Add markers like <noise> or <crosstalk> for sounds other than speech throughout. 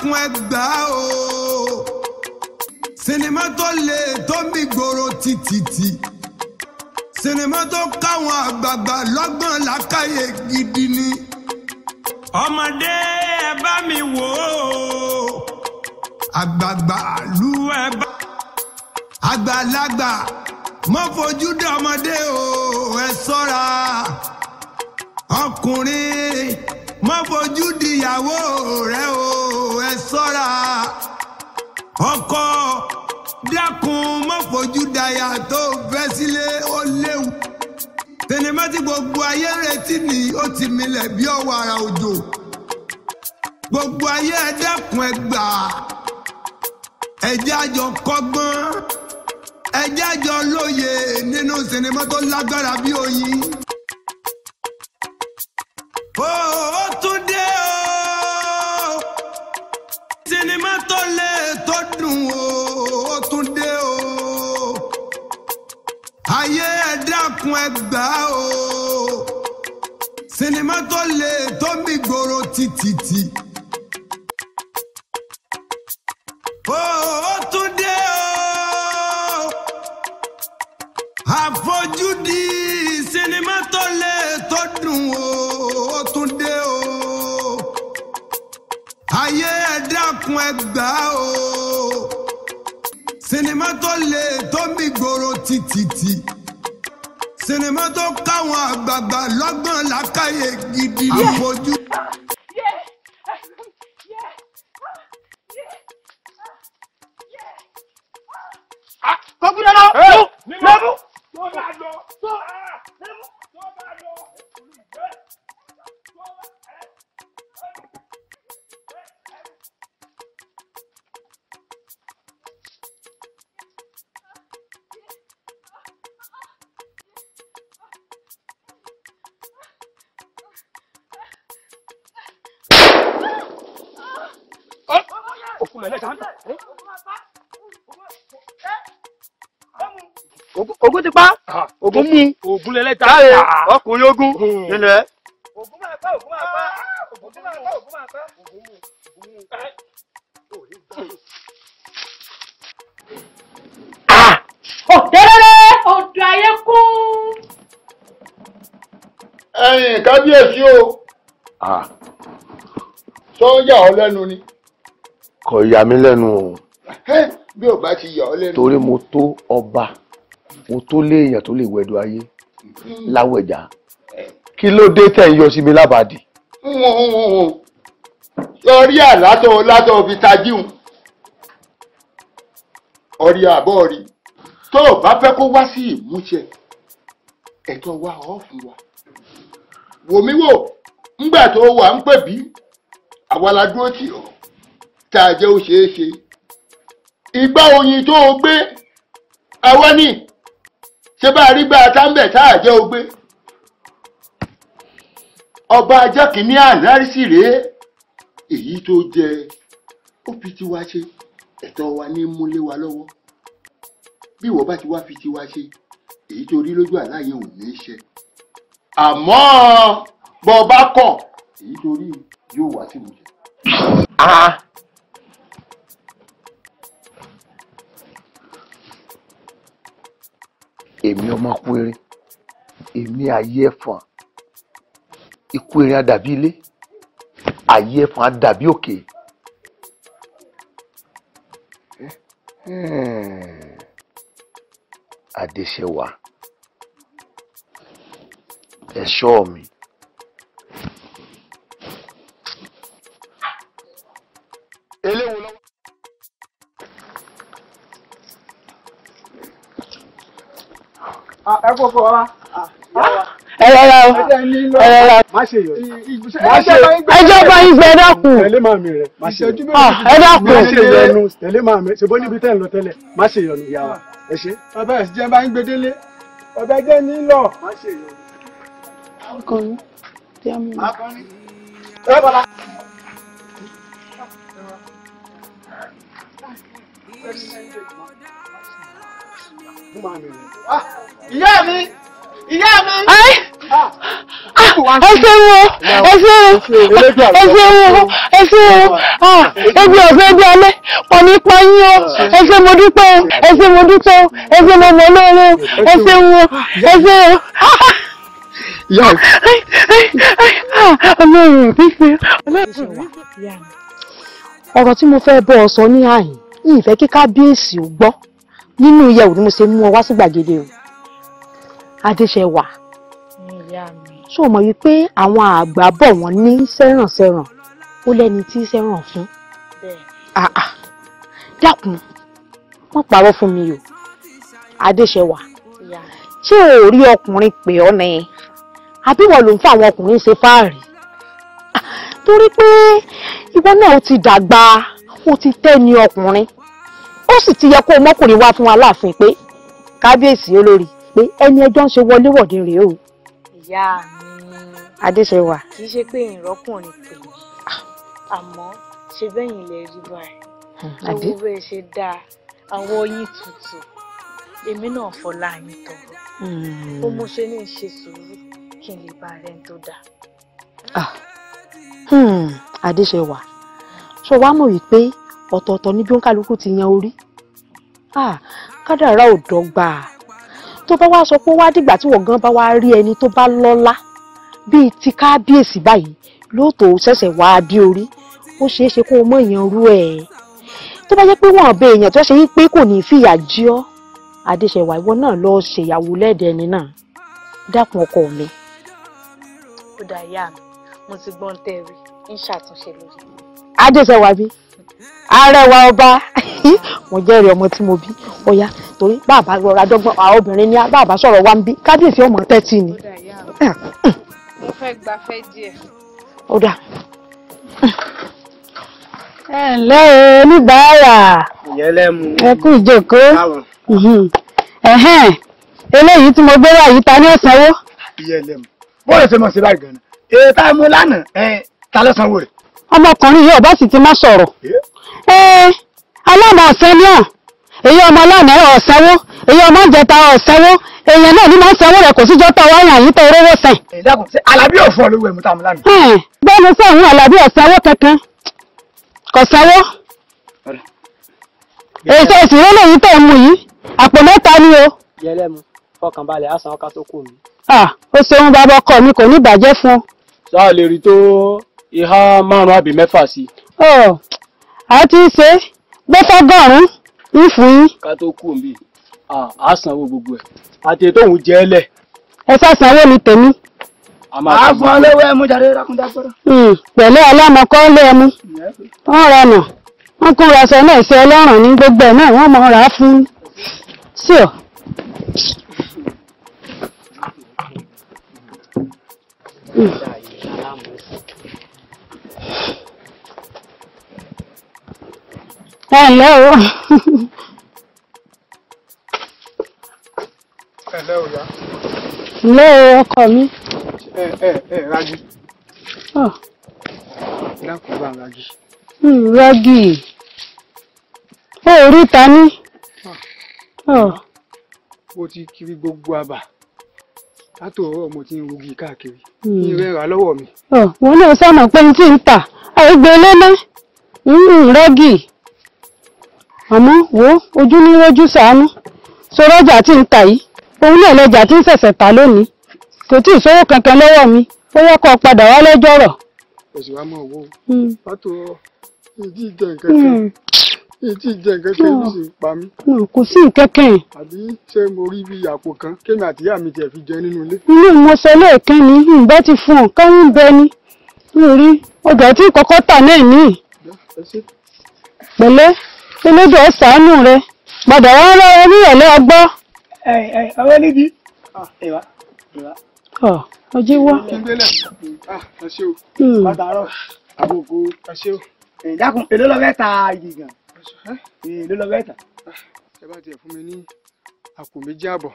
dákun ẹ gbà o sinimá tó lè tó mi gbòòrò títìtì sinimá tó káwọn àgbààgbà lọ́gbọ́n làkàyè gidi ni ọmọdé ẹ bá mi wò ó àgbààgbà lu ẹ bá àgbàlagbà mọ fojú dé ọmọdé o ẹ ṣọ́ra ọkùnrin mọ fojú di ìyàwó rẹ o sọ́ra ọkọ dákun mọ́fojú daya tó fẹ́ sílé ó léwu tẹnumọ́ tí gbogbo ayé retí ni ó ti milẹ̀ bí ọ̀wàrà òjò gbogbo ayé ẹ dákun ẹjẹ́ àjọ kọ́gbọ́n ẹjẹ́ àjọ lóye nínú sinimá tó lágbára bí oyin. Oh, ó tún dé ayé ẹ dákun o sinimá tó lè tó mi gbòòrò títìtì. ó ó tún dé o àfojúdi sinimá tó lè tó dùn o ó tún dé o ayé ẹ dákun o sinimá tó le tó mì gbòòrò títìtì sinimá tó káwọn àgbààgbà lọ́gbọ́n làkàyè gidi àfojú. kọ́kúndínlọ́wọ́ lẹ́bù lẹ́bù. okun rẹ̀ lẹ́sàn-án tán. ogun ti pa ah. ogun mu ogun lẹlẹ ta ọkùnrin ogun hmm. nílẹ̀. ogun máa pa ogun máa pa ogun máa pa ogun máa pa ogun ah! mu ogun mu. òtẹ́rẹ́rẹ́ odò ayé kún. ẹ̀yin kábíyèsí o ah. sọ́jà ọlẹ́nu ni kò yà mí lẹ́nu o. bí o bá ti yà ọ́ lẹ́nu. torí mo tó ọba mo tó léèyàn tó lè wẹ̀dọ̀ ayé hmm. láwẹ̀já kí ló dé tẹ̀ ń yọ sí mi lábàdì. lọ́rí àlátọ̀ látọ̀ fi tajíhun ọ̀rí àbọ̀ rí tó o bá fẹ́ kó wá sí ìmúṣẹ ẹ̀tọ́ wa ọ̀ fún wa wò mí wò ńgbà tó wà ń pè bí àwa la dúró tì ọ́ tá a jẹ́ ó ṣeé ṣe ìgbà oyin tó o gbé awẹ́ ní ṣé bá a rí gbà táǹbẹ̀ tá a jẹ́ ó gbé ọba ajá kìíní àná sì rèé èyí tó jẹ ó fi tiwa ṣe ẹ̀tọ́ wa ní múlé wa lọ́wọ́ bí ìwọ bá ti wá fi tiwa ṣe èyí tó rí lójú àláyé ò ní í ṣe àmọ́ bọ́ bá kọ̀ èyí tó rí yóò wá sí ìmúṣẹ. Ah, èmi ọmọ kúere èmi ayé ẹ̀fọn ikú erin àdàbí ilé ayé ẹ̀fọn àdàbí òkè. Adéṣẹ́wà ẹ̀ṣọ́ mi. ẹ kó fún wa ẹ rọra o ẹ rọra o ẹjọ́ bá yín gbé ẹ dákun ah, ẹ dákun. tẹ̀lé màá mi ṣèbó níbi tẹ́ ń lọ tẹ́lẹ̀ má ṣe yọnu ìyá wa ẹ ṣe. bàbá ẹ̀ jẹ́ bá ń gbé délé bàbá jẹ́ ní lọ. Thank you máa mi rè. ìyá mi ìyá mi. Ah, ah, ẹ ṣe wo ẹ ṣe wo ẹ ṣe wo ẹ ṣe wo ebi ọ̀fẹ́ bí alẹ́ pọ̀ nípa yín o ẹ ṣe mo dúpẹ́ o ẹ ṣe mo dúpẹ́ o ẹ ṣe mo mọ̀ lóore o ẹ ṣe wo ẹ ṣe wo ìyá o. Ah, ọlọ́run ò fífẹ́ ọlọ́run ò fífẹ́. ọ̀rọ̀ tí mo fẹ́ bọ́ ọ sọ ní àyìn ìfẹ́ kí kábíyèsí ò gbọ́ nínú ìyẹ̀wò ni mo ṣe mú ọ wá sí gbàgede o adéṣẹwà ṣó mọ̀ wípé àwọn àgbà bọ̀ wọ́n ní sẹ́rànsẹ́ràn ó lẹ́ni tí sẹ́ràn fún àà dákun wọ́n parọ́ fún mi o adéṣẹwà ṣé o rí ọkùnrin pè ọ́ ni àbí wọn ló ń fa àwọn ọkùnrin ṣe fáàrí torí pé ìwọ náà ó ti dàgbà ó ti tẹ́ ni ọkùnrin ó sì ti yẹ kó o mọ́kùnrin wá fún aláàfin pé kábíyèsí olórí pé ẹni ẹjọ́ ń ṣe wọléwọ̀de rèé o. ìyá mi adéṣèwà. kì í ṣe pé ìrọ́kùnrin tèmi àmọ́ ṣe bẹ́yìn lè rí báyìí hmm, owó bẹ́ẹ̀ ṣe dáa àwọ̀ yín tutù èmi náà fọlá yín tọrọ ó mú ṣe ní ṣe sùúrù kí n lè bá rẹ̀ tó dáa. Ah. Hmm, adéṣèwà ṣọ wàá mọ̀ wípé ọ̀tọ̀ọ̀tọ̀ níbi ń kálukú ti yan orí kádàrá ò dọ́gba tó bá wá sọ pé wá dìgbà tí wọ́n bá wá rí ẹni tó bá lọ́lá bíi ti kábíyèsí báyìí lóòótọ́ ṣẹ̀ṣẹ̀ wá dé orí ó ṣeé ṣe kó o mọ̀ èèyàn rú ẹ̀ tó bá jẹ́ pé wọ́n bẹ èèyàn tó ṣe yí pé kò ní í fìyà jí ọ́ adéṣẹ̀wà ìwọ náà lọ ṣèyàwó lẹ́ẹ̀dẹ̀ ẹni náà dákun ọkọ mi. ó dà ìyá mi mo ti gbọ́n tẹ́ ń ṣàtúnṣe lórí. adéṣẹ̀wà bíi arẹwà ọba <laughs> mo jẹ́rìí ọmọ tí mo bí ọ̀yá torí bàbá rọra dọ́gbọ́n àwọn obìnrin ní bàbá sọ̀rọ̀ wá ń bí kábíyèsí ọmọ tẹ́tì ni. mo fẹ́ gbafẹ́ díẹ̀. ó dà. <laughs> ẹ ǹlẹ́ o oníbàárà ẹ kú ìjókòó eléyìí tí mo gbé wá yìí ta ni ó sanwó. bóyá ṣe mọ̀ sí báyìí gan-an èyí tá a mú lánàá ta ló sanwó rẹ̀ ọmọkùnrin yìí ọba sì ti má sọ̀rọ̀ aláàmọ̀ ọ̀sẹ̀ ni à èyí ọmọ aláàmọ̀ ọ̀sẹ̀wó èyí ọmọ ìjẹta ọ̀sẹ̀wó èèyàn náà ní máa ń sanwó rẹ̀ kò síjọ́ tó wáyà yìí tó rówó sẹ̀. ìdákùn sí alábí ọ̀fọ̀ lówó ẹ̀mú tá a mú lánàá. bẹ́ẹ̀ni sí àwọn alábí ọ̀sẹ̀wó kankan kò sanwó. èso ìṣìrẹ́ lèyí tó mú yìí àpò mẹ́ta ni o. yẹlẹmu fọkànbalẹ̀ àsàn ọkà tó kù mi. ó ṣeun bàbá ọkọ mi kò ní ìbàjẹ́ fún ọ. sáà lè rí tó ìhà márùn àbí mẹ́fà sí. ọ a ti ń ṣe gbé fọgọrùn ń fún yín. ká tó kú mi a sanwó gbogbo ẹ àti ètò òun jẹ ẹ lẹ. ẹ sá sanwó mi tèmi. a fún ọ lówó ẹmu jáde rákúndá gbọdọ. Hmm, pẹ̀lú ọlọ́mọkọ́ lé ẹmu wọ́n rọnà wọ́n kó aṣọ náà ṣe ọlọ́run ní gbogbo ẹ̀ náà wọ́n mọ̀ ọ́n rà á fún sí ọ. Mm. Hello. Hello, ya. Hello, ọkọ mi. Ẹ ẹ ẹ rájí. Dákun bá rájí. Rájí. Hmm, Ó rí ta ní. Mo ti kiri gbogbo àbà látò ọwọ́ mo ti ń rogi káàkiri ní rẹ rà lọ́wọ́ mi. wọn náà sọnà pé n ti ń tà àìgbé lẹ́nà ń rẹ́gì àmọ́ wo ojú ní rojú sàánú sọ̀rọ̀ ọjà tí ń tà yìí òun náà lọ́jà tí ń ṣẹ̀ṣẹ̀ tà lónìí kò tí ì sówó kankan lọ́wọ́ mi ó yẹ kó padà wá lọ́jọ́ rọ̀. ẹ̀sùn mọ̀ wo hmm. látò ìdí ìjẹ nǹkan kan. Hmm ìtì jẹ nǹkan kan ló sì pa mí. Hmm, hmm, kò sí nǹkan kan. àbí ṣé mo rí bí àpò kan kémi àti ìyá mi tiẹ̀ fi jẹ nínú ilé. inú ìmọ̀ọ́sẹ̀ lẹ́ẹ̀kan ni ìgbà ti fún ọ káwọn bẹ ni lórí ọjà tí kọ́kọ́ tà náà ní. pẹ̀lẹ́ elédò ọ̀sánù rẹ padà wá lọ́wọ́ ní ìrọ̀lẹ́ ọgbọ́. Ah, ẹ ẹ ọwọ́ níbi. ọjọ́ wá. bàtà rọ àbùkù ẹ̀ṣẹ̀ dákun èlé lọ́fẹ́ ta yìí gan èló lọ bẹ́ẹ̀ tà. ẹ bá tiẹ̀ fún mi ní àpò méjì àbọ̀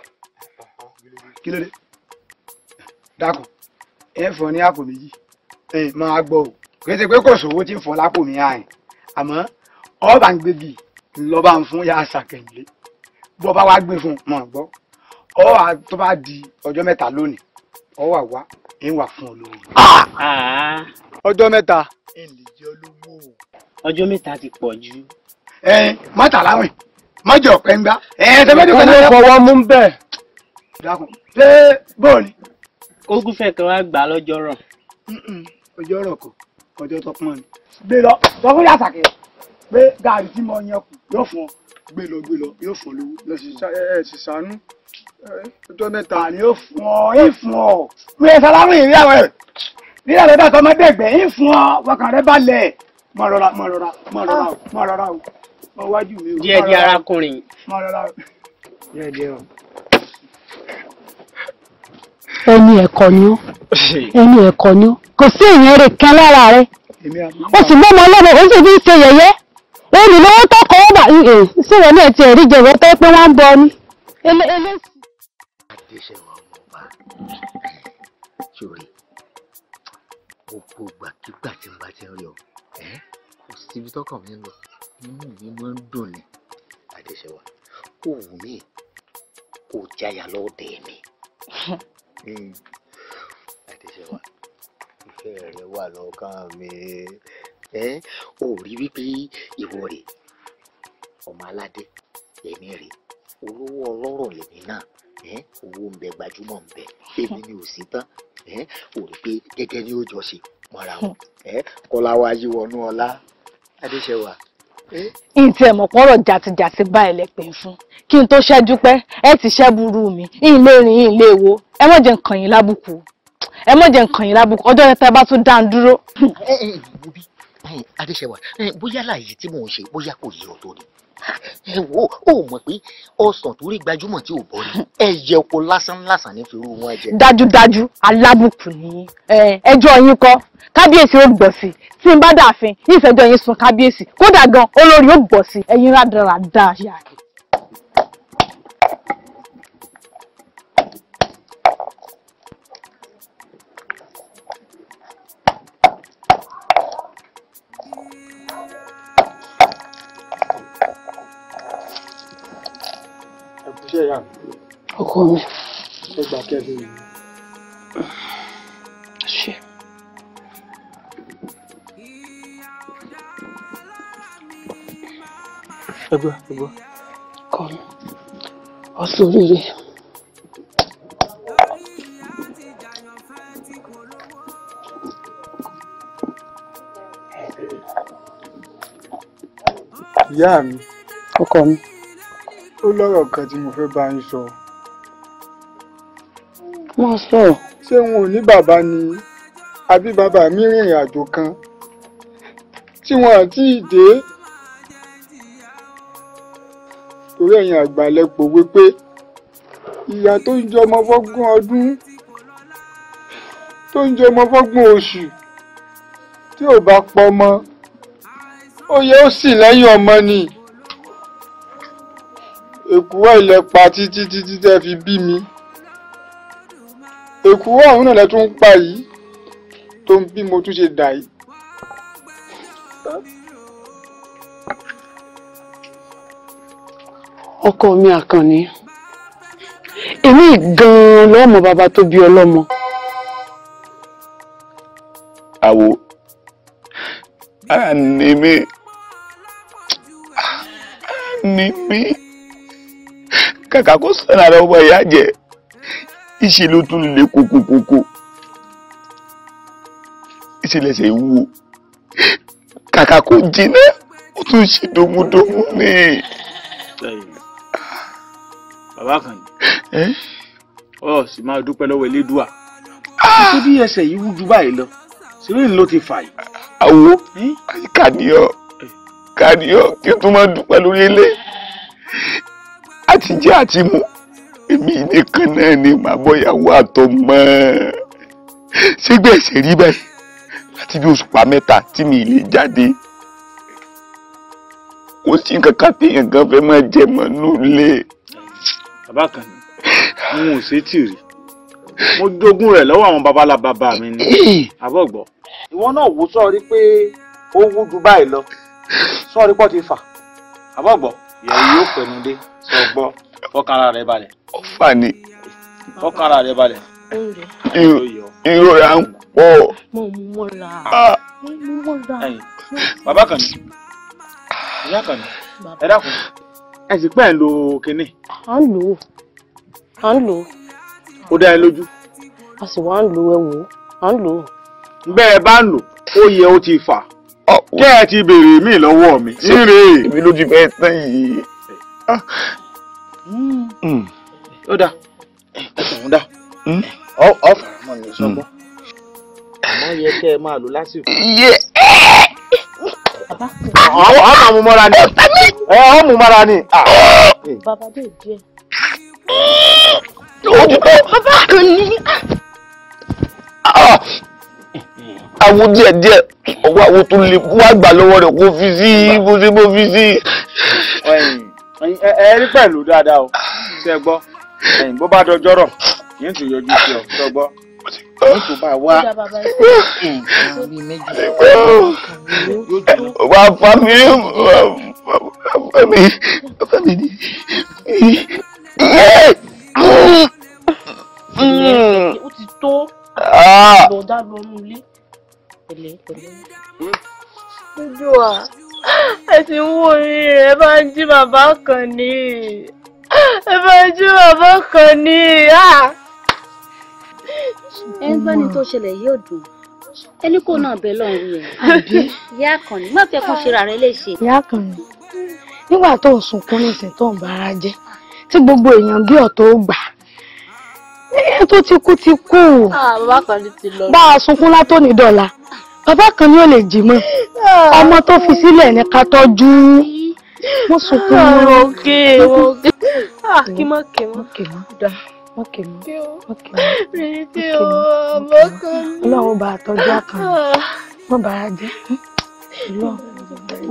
kí ló dé dákun ẹ fọ ní àpò méjì ẹ máa gbọ́ o kìí ṣe pé kò sówó tí ń fọ lápò mi àyìn àmọ́ ọba ń gbégi ńlọba ń fún yà sàkẹyìnlé bó bá wá gbé fún mọ̀ gbọ́ ọ tó bá di ọjọ́ mẹ́ta lónìí ọ wà wá ẹ wà fún olówó. Ah. ọjọ́ mẹ́ta. ẹ lè jẹ́ olówó. ọjọ́ mẹ́ta ti pọ̀ jù mọ́tàláwìn mọ́jọ ọ̀pẹ ń gbá. wọ́n ló fọwọ́ mú bẹ́ẹ̀. ṣé bóòlì. kógún fẹ́ kan wá gbà lọ́jọ́ rọ̀. ọjọ́ rọ̀ kò kọjọ́ tó pọ́n ni. gbé lọ sọ fún yàtàkì pé gààrí tí mo yan yóò fún ọ gbé lọ gbé lọ yóò fún ọ lówó. lọ sí ẹ sì sànú ọjọ́ mẹ́ta. àní ó fún ọ yín fún ọ wíwẹ́ sálámù ìrí àwọn nígbà tó bá tọmọdé ẹgbẹ́ yín fún ọ wọkàn rẹ balẹ̀ mọ̀ rọra mọ̀ rọra o wájú mi o. díẹ̀ díẹ̀ arákùnrin. má rárá o. díẹ̀ díẹ̀ o. ẹni ẹ̀kọ́ ni ó ẹni ẹ̀kọ́ ni ó kò sí ìyẹn rè kan lára rẹ o sì mọ́ ọmọ ọlọ́mọ o sì fi ń ṣe yẹ̀yẹ́ èmi lówó tọkọ ọgbà síwọ náà ti ẹ̀rí jẹ̀wọ́ tó pé wọ́n ń bọ ni. gbogbo ìgbàkigbà tí n bá ti ń rí ọ, kò síbi tọkàn mi ń lọ inú mi máa ń dùn ni àdéṣẹwà ó wù mí kó jáyà lọ́ọ̀dẹ̀ mi àdéṣẹwà <laughs> hmm. ìfẹ́ rẹ wà lọ́kàn mi ẹ ò rí wípé ìwọ rè ọmọ aládé èmi rè olówó ọlọ́rọ̀ lèmi náà owó ń bẹ gbajúmọ̀ ń bẹ èmi ni ò sí tán ò rí pé gẹ́gẹ́ ní ó jọ ṣe mọ́ra wọn <laughs> kọ́lá wáyé wọnú ọlá adéṣẹwà ǹtẹ̀ mọ̀pọ̀ ọ̀rọ̀ jàtijàti bá ẹ lẹ́pẹ̀ fún kí n tó ṣẹ́jú pẹ́ ẹ ti ṣẹ́ burú mi ìn lè rìn ìn lè wo ẹ mọ̀ jẹ́ nǹkan yín lábùkù ẹ mọ̀ jẹ́ nǹkan yín lábùkù ọjọ́ yẹn tẹ́ bá tún dá ń dúró. adéṣẹ́wà bóyá láàyè tí mò ń ṣe bóyá kò yí ọ ni ẹ wo ó mọ̀ pé ọsàn tó rí gbajúmọ̀ tí ò bọ́ ni ẹyẹ oko lásán lásán ní fi irú wọn jẹ. dájúdájú alábùkù ni ẹjọ́ yín kọ́ kábíyèsí ó gbọ́ sí tí n bá dàáfin ní ìfẹ́jọ́ yín sùn kábíyèsí kódà gan olórí ó gbọ́ sí ẹ̀yin rádaràda yàrá. ọkọ mi. ẹ gbà kẹ́lẹ́ mi. ṣé. ẹ gbọ́ ẹ gbọ́. ọkọ mi ọsùn oríire. ìyá mi. ọkọ mi. ó lọ́rọ̀ kan tí mo fẹ́ bá yín sọ. So máa sọ̀rọ̀. ṣé wọn ò ní bàbá ni àbí bàbá mi rìnrìn àjò kan tí wọn àti ìdè torí ẹ̀yin àgbà lẹ́pọ̀ wípé ìyá tó ń jẹ ọmọ fọ́gbọ̀n ọdún tó ń jẹ ọmọ fọ́gbọ̀n oṣù tí ò bá pọ̀ mọ́ ó yẹ ó sì lẹ́yìn ọmọ ni èkúwọ́ ilẹ̀ pa títí títí tẹ́ fi bí mi èkú ọ̀hún náà lẹ tún ń pa yìí tó ń bí mo tún ṣe dà yìí. ọkọ mi àkànní èmi gan-an lọ́mọ bàbá tó bí ọlọ́mọ. àwo àní mi àní mi kàkà kó sọ̀rọ̀ àwọn ọmọ ìyá jẹ́ ìṣe ló tún lè kókókókó ìṣẹlẹsẹ wúwo kàkà kó jiná ó tún ṣe domudomu ni. bàbá kan yìí ọ sì máa dúpẹ́ lọ́wọ́ elédùà ah! títí bí ẹsẹ̀ yìí wú ju báyìí lọ sílẹ̀ ló ti fà yìí. àwo kàdíọ kàdíọ kí o tún máa dúpẹ́ lórí ilé àtijẹ àti mu èmi nìkan náà ni màá bọ́yàwó àtọmọ ṣégbé ẹ̀sẹ̀ rí báyìí láti bí oṣù pa mẹ́ta tí mi lè jáde kò sí nǹkan ká fi nǹkan fẹ́ máa jẹ mọ́ nulẹ̀. bàbá kan ni n ò ṣètì rí mo jogún rẹ̀ lọ́wọ́ àwọn babalábàbà mi ni àbọ̀gbọ́. ìwọ náà wò sọ́ọ́rí pé ó wú ju báyìí lọ sọ́ọ́rí pọ̀ ti fà àbọ̀gbọ́ ìyàwó yóò pẹ̀lú dé sọ gbọ́ fọkànra rẹ balẹ̀. ọfà ni. fọkànra rẹ balẹ̀. ìrora ń pọ̀. mo mú mọ́ra. Ah. mo mú mọ́ra. bàbá kan ní ìyá kan ní ẹ dákun ẹ sì pẹ́ ń lo kinní. à ń lò ó à ń lò ó. ó dá ẹ lójú. a sì wá ń lo ẹ wò ó à ń lò ó. bẹ́ẹ̀ bá ń lò ó yẹ ó ti fà kẹ́ ẹ ti béèrè mí lọ́wọ́ mi. síre èmi ló ti fẹ́ tán yìí. Ah. Hmm. ó dá ẹ̀sùn dá ọ fara mọ́ ni sọ́gbọ́n hmm. àmọ́ yẹ kẹ́ ẹ máa lò lásìkò. àwọn ah, máa mú mọ́ra ni ẹ ọ́ mú mọ́ra ni. Ah. bàbá dé díẹ̀. bàbá kan ah. ní awo díẹ̀ díẹ̀ ọwọ́ awo tó lè kó àgbà lọ́wọ́ rẹ̀ kó fi sí bó ṣe bó fi sí ẹ rí pẹ̀lú dáadáa o ṣe gbọ́ ẹ̀yìn bó bá dọjọ́ rọ̀ yín tún yọjú sí ọ ṣe gbọ́ yín tún bá wá. wà á fa mi wà á fa mi fa mi ní. ó ti tó lọ́ọ́ ah. dá lọ́ọ́ nulẹ̀ pẹ̀lẹ́ pẹ̀lẹ́. dúdú hmm. à ẹ ti ń wò rí rẹ ẹ bá ń jí bàbá kan ní ẹ bá ń jí bàbá kan ní. Ah! ẹ ń gbọ́ ní tó ṣẹlẹ̀ yóò dùn ẹni kò náà bẹ lọ́run rẹ̀ àbí ìyá àkànní má fẹ́ kún ṣera rẹ léṣe. ìyá àkànní nígbà tó ń sunkún nísìn tó ń bara jẹ tí gbogbo èèyàn bí ọ̀tọ̀ ó gbà ẹ tó ti kú ti kú ah, bá a sunkún látó ní dọ̀la bàbá kan ni ó lè jì mọ́ ah. ọmọ tó fi sílẹ̀ ní ká tọ́jú wọ́n sunkún ah, mọ́. òkè òkè ah, kí mọ́ kè mọ́ kè mọ́ dá mọ́ kè mọ́ mọ́ kè mọ́ mọ́ kè mọ́ ọlọ́run bá a tọ́jú àkàn wọ́n bá a jẹ́ ọlọ́run. ẹ̀lẹ́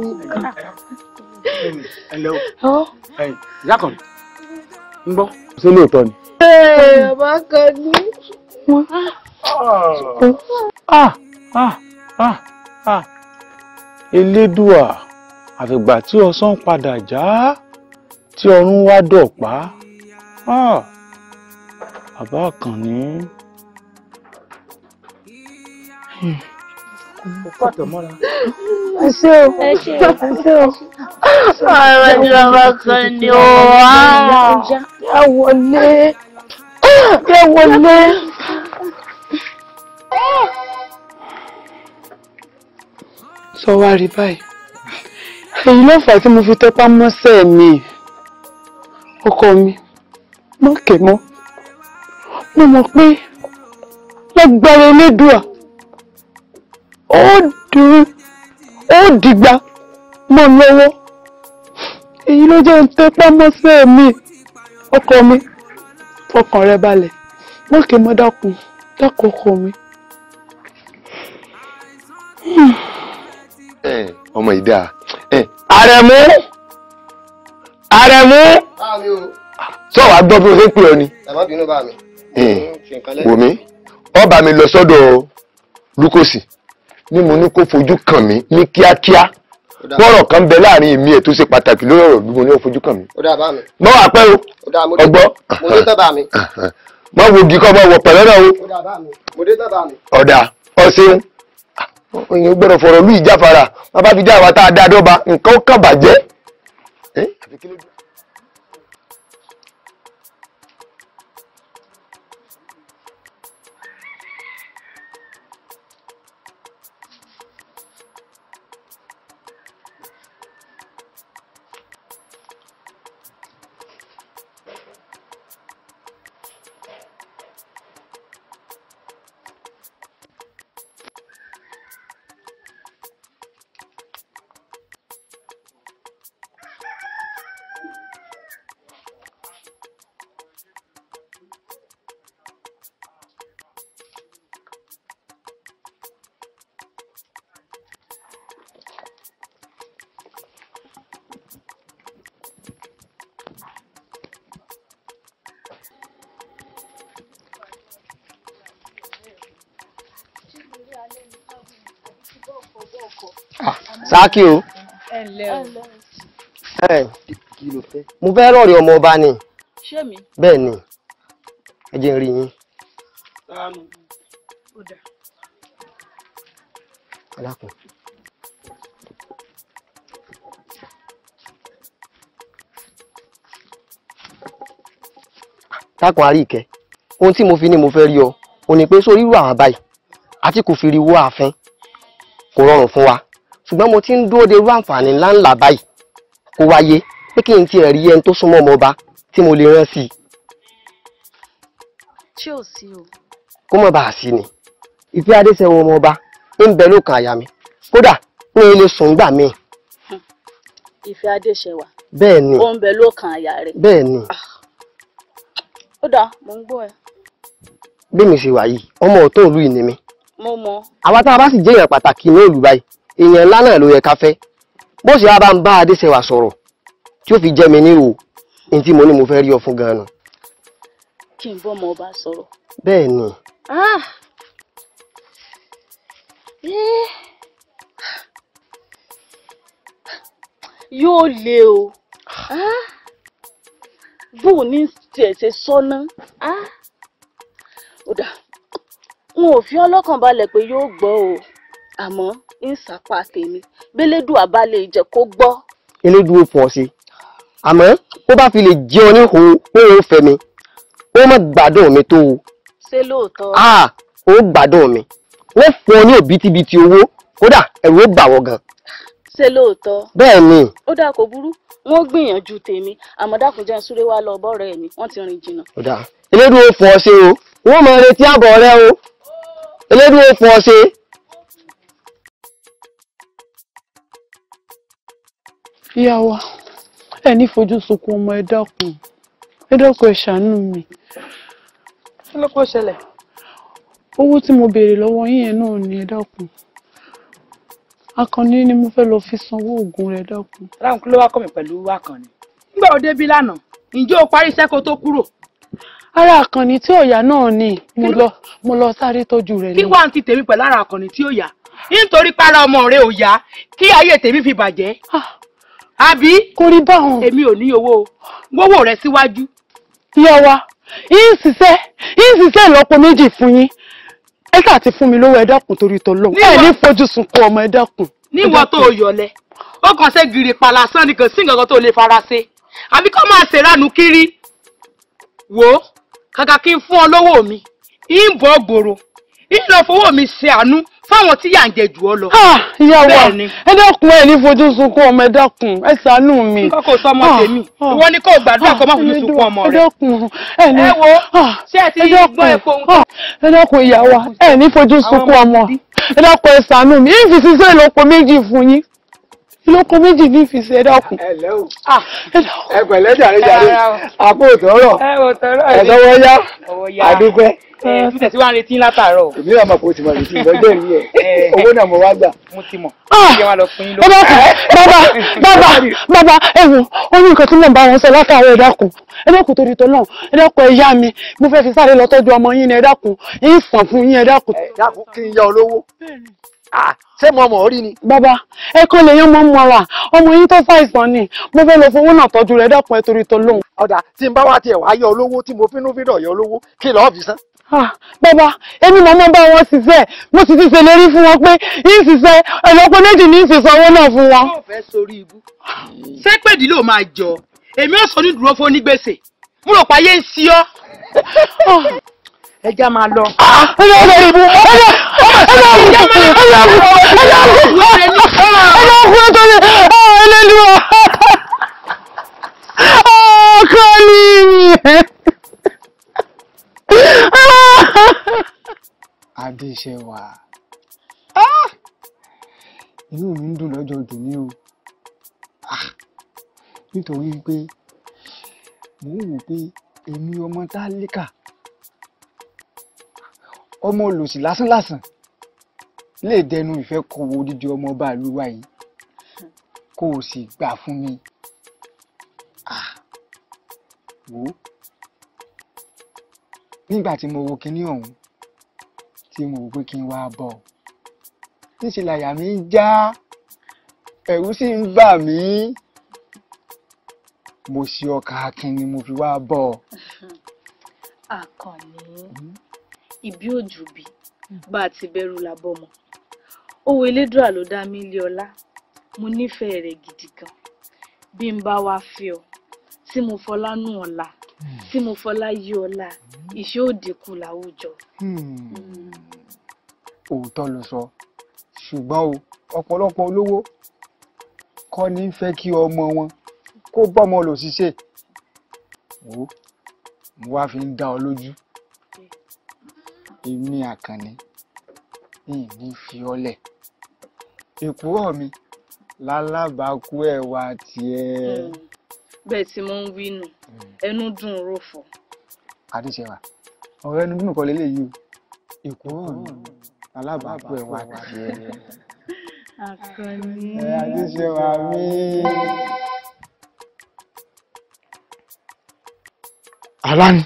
o ìyá kan ń gbọ́. ṣé lóòótọ́ ni. bàbá kan ní. ah ah ah ah elédùà àfìgbà tí ọ̀sán padà já tí ọ̀run wá dọ̀pá ah bàbá àkànní. kò pàtó mọ́ra. ẹ ṣe o ẹ ṣe o ẹ ṣe o. ọ̀rọ̀ ìjọba ni ó wà. Ah. wọlé ẹ wọlé sọ wá rí báyìí èyí ló fà á tí mo fi tẹpá mọ́sẹ̀ mi ọkọ mi mọ́kè mọ́ mo mọ̀ pé lágbára elédùà ó dùn ó dìgbà mọ́ lọ́wọ́ èyí ló jẹ́ ń tẹpá mọ́sẹ̀ mi ọkọ mi fọkàn rẹ balẹ̀ mọ́kè mọ́ dákun dákun ọkọ mi. Hmm. Eh, ọmọ ìdá àrẹ̀mú àrẹ̀mú sọ̀wá gbọ́ bí o ṣe ń pè ọ ni. Eh, wò mí ọba mi lọ sọ́dọ̀ lukosi ni mo ní kó fojú kàn mí ní kíákíá wọ́rọ̀ kan bẹ láàrin èmi ẹ̀ tó ṣe pàtàkì lórí ọ̀rọ̀ bí mo ní ó fojú kàn mí. mọ wà pẹ́ o ọgbọ́ mọ wo gíkọ́ mọ wọ pẹ̀lẹ́ náà o ọ̀dà ọ̀sẹ̀ èèyàn gbọ́dọ̀ fọ̀rọ̀ lù ìjáfara bàbá fi já àwa tá a dá a dọ́ba nǹkan ó kàn bàjẹ́. Ah, sáàkì o mo fẹ́ rọ̀rì ọmọ ọba ni bẹ́ẹ̀ ni ẹ jẹ́ n rí yín. alákùn. tákùn àríkẹ́ ohun tí mo fi ní mo fẹ́ rí ọ ò ní pé sórí irú àwọn báyìí àti kò fi riwó ààfin kò rọrùn fún wa ṣùgbọ́n mo ti ń dúró de irú àǹfààní ńláńlá báyìí kó wáyé pé kí n tiẹ̀ rí ẹni tó súnmọ́ ọmọ ọba tí mo lè rán sí i. tí ò sí o. kó mọ̀ bá a sí ni ìfẹ́ adéṣẹ́wọ̀ ọmọ ọba ń bẹ lókàn àyà mi kódà ní ilé sùn gbà míì. ìfẹ́ adéṣẹ́wà. bẹ́ẹ̀ ni ó ń bẹ lókàn àyà rẹ̀. bẹ́ẹ̀ ni. Ah. ó dáa mò ń gbọ́ ẹ. bí mi ṣe wà yìí ọmọ ọ̀tọ̀ òlú ìní mi mo mọ. àwa tá a bá sì jẹ́ èèyàn pàtàkì ní ìlú báyìí èèyàn ńlá náà ló yẹ ká fẹ́ bó ṣe wá bá ń bá adéṣẹwà sọ̀rọ̀ tí ó fi jẹ́ mi ní o ní tí mo ní mo fẹ́ rí ọ fún ganan. kí n bọ́ ọmọ ọba sọ̀rọ̀. bẹ́ẹ̀ ni. ah eh yóò le o ah! bó ní tiẹ̀ ṣe sọ́nà ah! ó dáa n ò fi ọlọ́kàn balẹ̀ pé yóò gbọ́ o àmọ́ ń sàpà tèmi bẹ́lẹ́dùn àbálẹ̀ ìjẹ́ kó gbọ́. elédùn ó fún ọ sí àmọ́ ó bá fi lè jẹ́ ọ ní ho pé ó fẹ́ mi ó mọ̀ gbádùn mi tó o. ṣé lóòótọ́. a ó gbádùn mi wọ́n fún ọ ní òbítíbitì owó kódà ẹ̀rù ó bà wọ́ gan. ṣé lóòótọ́. bẹ́ẹ̀ ni. ó dáa kò burú wọ́n gbìyànjú tèmi àmọ́ dákun jẹ́ súré wá lọ bọ́ọ̀rẹ́ mi wọ́n ti rìn jìnnà. ó dáa elédùn ó fún ọ sí o wọ́n mọ retí o elédùn ó fún ọ ṣe. ìyá wa ẹ ní fojú sunkún ọmọ ẹ dákun ẹ mi. kí ló kọ́ ṣẹlẹ̀. owó tí mo béèrè lọ́wọ́ yín yẹn náà ni ẹ dákun. akànnì ni mo fẹ́ lọ fi sanwó oògùn rẹ dákun. ráhùn kí ló wá kọ́ mi pẹ̀lú akànnì. nígbà òde bí lánàá ǹjẹ́ o parí iṣẹ́ kó tó kúrò ara àkànní tí òòyà náà ni mo lọ mo lọ sáré tọ́jú rẹ̀ ni. kí wàá ti tèmi pẹ̀lú ara àkànní tí òòyà nítorí para ọmọ rẹ ò yá kí ayé tèmi fi bàjẹ́ ah. àbí. kò rí báwọn. èmi ò ní owó gbówó rẹ síwájú. ìyá wa yín ṣiṣẹ́ yín ṣiṣẹ́ ìlọ́po méjì fún yín ẹ ṣáà ti fún mi lówó ẹ dákun torí tọlọ́hun ẹ ní fojú sunkún ọmọ ẹ dákun. níwọ̀n tó yọlẹ̀ ó kàn ṣe gírì pa lásán nìkan sí nǹkan tó lè fara ṣe àbí kó máa ṣèrànú kiri wò kàkà kí n fún ọ lówó mi ń bọ̀ gbòòrò ń lọ fowó mi ṣe àánú fáwọn tí yà ń jẹ jù ọ lọ. Ah, ìyá wa ẹ dákun ẹ ní fojú sunkún ọmọ ẹ dákun ẹ ṣàánú mi. kókò sọ ọmọ ah, tèmi ah. ìwọ ni kò gbàdúrà kó má fojú sunkún ọmọ rẹ. ẹ dákun ẹ ní ẹ wo ṣé ẹ ti gbọ́ epo ohun tó. ẹ dákun ìyá wa ẹ ní fojú sunkún ọmọ ẹ dákun ẹ ṣàánú mi ìfi ṣiṣẹ́ ìlọ́po méjì fún yín ìlókun méjì ní ìfìsí ẹ̀dá ọ̀kùn. Ah, ẹgbẹ̀lẹ́ jàre jàre àpò òtọ́rọ̀ ẹ̀dọ́wọ́ yá àdúgbẹ́. èmi tẹ̀sí wá ń retí látàárọ̀. èmi náà mọ̀ pé o ti mọ̀ retí ìgbọ́jọ́ èmi ẹ̀ owó náà mo wá gbà. mo ti mọ̀ ìyẹn ah! wa lọ fún yín lọ. bàbá bàbá bàbá ẹ̀wọ̀n ó ní nǹkan tí mò ń bá wọn sọ látàárọ̀ ẹ̀dá ọ̀kùn ẹ̀dá ọ̀kùn torí tó náà ẹ̀dá ọ̀kùn ẹ̀yá mi mo fẹ́ fi sáré lọ tọ́jú ọmọ yín ní ẹ̀dá ọ̀kùn yín sàn fún yín ẹ̀dá ọ̀kùn. ẹ̀dá ọ̀kùn kí n yá olówó Ah, ṣé mo mọ̀ orí ni. bàbá ẹ kọ́ lèyàn mọ́ mọ́ra ọmọ yín tó ṣàìsàn ni mo fẹ́ lọ fowó náà tọ́jú rẹ̀ dákun ẹ torí tó lóhùn. ọ̀dà tí n bá wá tiẹ̀ wá yọ olówó tí mo fínú fínú ọ̀yọ́ olówó kí lọ́ọ́ fi san. Ah, bàbá èmi mọ̀ mọ́ bá wọn ṣiṣẹ́ mo sì ti ṣèlérí fún wọn pé yín ṣiṣẹ́ ẹ̀lọ́pọ̀ méjì ní ìṣèṣọ owó náà fún wọn. ṣé pèdí ló máa jọ èmi ò sọ ní dúró fún mo rò pàyé ẹja máa lọ. ẹja máa lọ ẹja ẹja ẹja ẹja ẹja ẹja ọkùnrin tó ní ẹlẹ́lúwa ọkọ ni adéṣẹwà inú mi ń dùn lọ́jọ́ tòní o nítorí pé mò ń wò pé èmi ọmọ tálákà ọmọ olòṣì lásánlásán lè dẹnu ìfẹ́ kan wo dídí ọmọ ọba ìlú wa yìí kó o sì gbà fún mi wò ó nígbà tí mo wo kinní ọ̀hún tí mo wò pé kí n wá bọ̀ níṣẹ́ làyà mi ń já ẹ̀rù sì ń bà mí mo ṣe ọkà akin ni mo fi wá bọ̀. Àkànní. Mm -hmm ìbí òjùbí bá a ti bẹ̀rù làbọ̀mọ̀ owó elédùà ló dá mi lé ọlá mo nífẹ̀ẹ́ rẹ̀ gidi gan bí n bá wá fẹ́ ọ tí mo fọlá nù ọ̀la hmm. tí mo fọlá yí ọ̀la hmm. ìṣe òdìkú láwùjọ. Hmm. òótọ́ ló sọ ṣùgbọ́n o ọ̀pọ̀lọpọ̀ olówó kọ́ ní fẹ́ kí ọmọ wọn kó bọ́mọ lò ṣiṣẹ́ wò mo wá fi ń dá ọ lójú èmi àkànní ìní fi ọlẹ̀ ìpúrọ̀ mi lálábàákú ẹ̀ wá tiẹ̀. Hmm. bẹ́ẹ̀ tí mo ń wí nù hmm. ẹnu dùn rò fọ. àdìsẹ́wà ọ̀rọ̀ ẹnu dùn kọ́ lélẹ́yìí o ìkúrọ̀ mi hmm. lálábàákú ẹ̀ wá tiẹ̀. àkànní. ẹ àdìsẹ́wà mi. alani.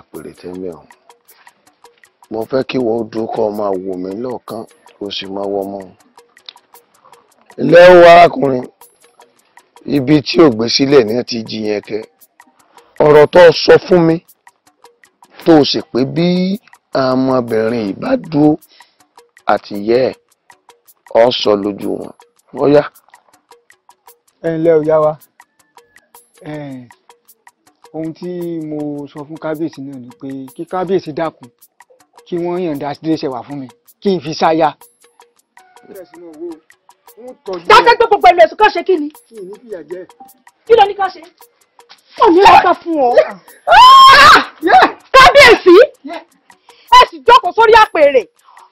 ìyà péréte mẹ́ o mo fẹ́ kí wọ́n dúró kọ́ ọ máa wò mí lọ́ọ̀kan kó sì máa wọ́ ọmọ ilé ó arákùnrin ibi tí ò gbé sílẹ̀ ní ti jí yẹn kẹ ọ̀rọ̀ tó sọ fún mi tó o sì pé bí ọmọbìnrin ìbá dúró àti yẹ ẹ ọ sọ lójú wọn ó yá. ẹ ǹlẹ́ o yá wa ohun tí mo sọ fún kábíyèsí náà ni pé kí kábíyèsí dákun kí wọ́n yànda síléeṣẹ́ wà fún mi kí n fi ṣáya. dáṣẹ́ pé gbogbo ẹ̀lú ẹ̀sùn kan ṣe kí ni. kí ló ní ká ṣe. ó ní lọ́kàn fún ọ. kábíyèsí ẹ sì jókòó sórí àpèrè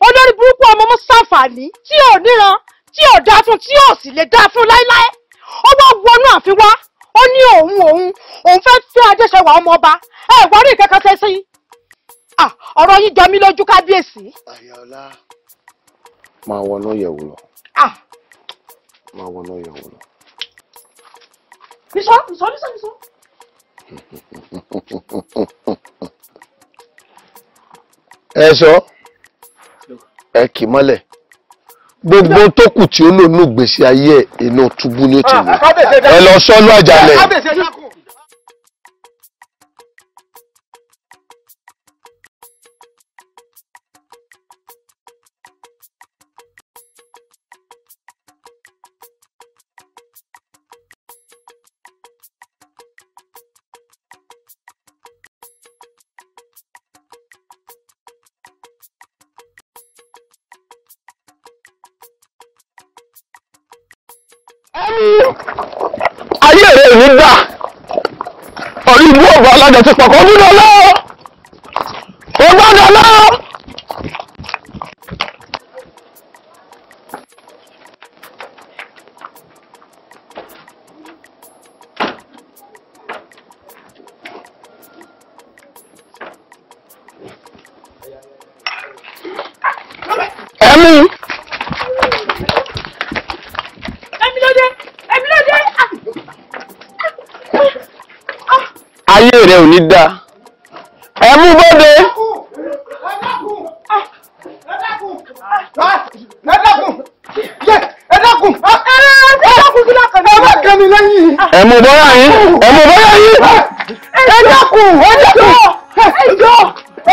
olórí burúkú ọmọ mú ṣàǹfààní tí ò níran tí ò dáa fún tí ò sì lè dáa fún láéláé ó wá wọnú àfi wá ó ní òun òun òun fẹ́ fẹ́ adéṣẹwà ọmọọba ẹ wárí ìkẹ́kẹ́ fẹ́ sí ọ̀rọ̀ yín jọ mí lójú kábíyèsí. ayọ̀lá máa wọnú yẹ̀wò lọ. máa wọnú yẹ̀wò lọ. nìṣó nìṣó nìṣó nìṣó. <laughs> ẹ sọ ẹ kì mọ́lẹ̀ gbogbo tó kù tí ó lò nù gbèsè ayé ẹ̀ inú túbú ni ó ti ah, wò ẹ lọ sọ́nù àjàlẹ̀. ìwọ ọba aládẹ ti pàkọ́ nínú ọlọ́wọ́. dídá ẹ mú bóde. ẹ dákun ẹ dákun kẹ́mi lẹ́yìn. ẹ mú bọ́yà yín ẹ mú bọ́yà yín. ẹ dákun ẹ dákun ẹ jọ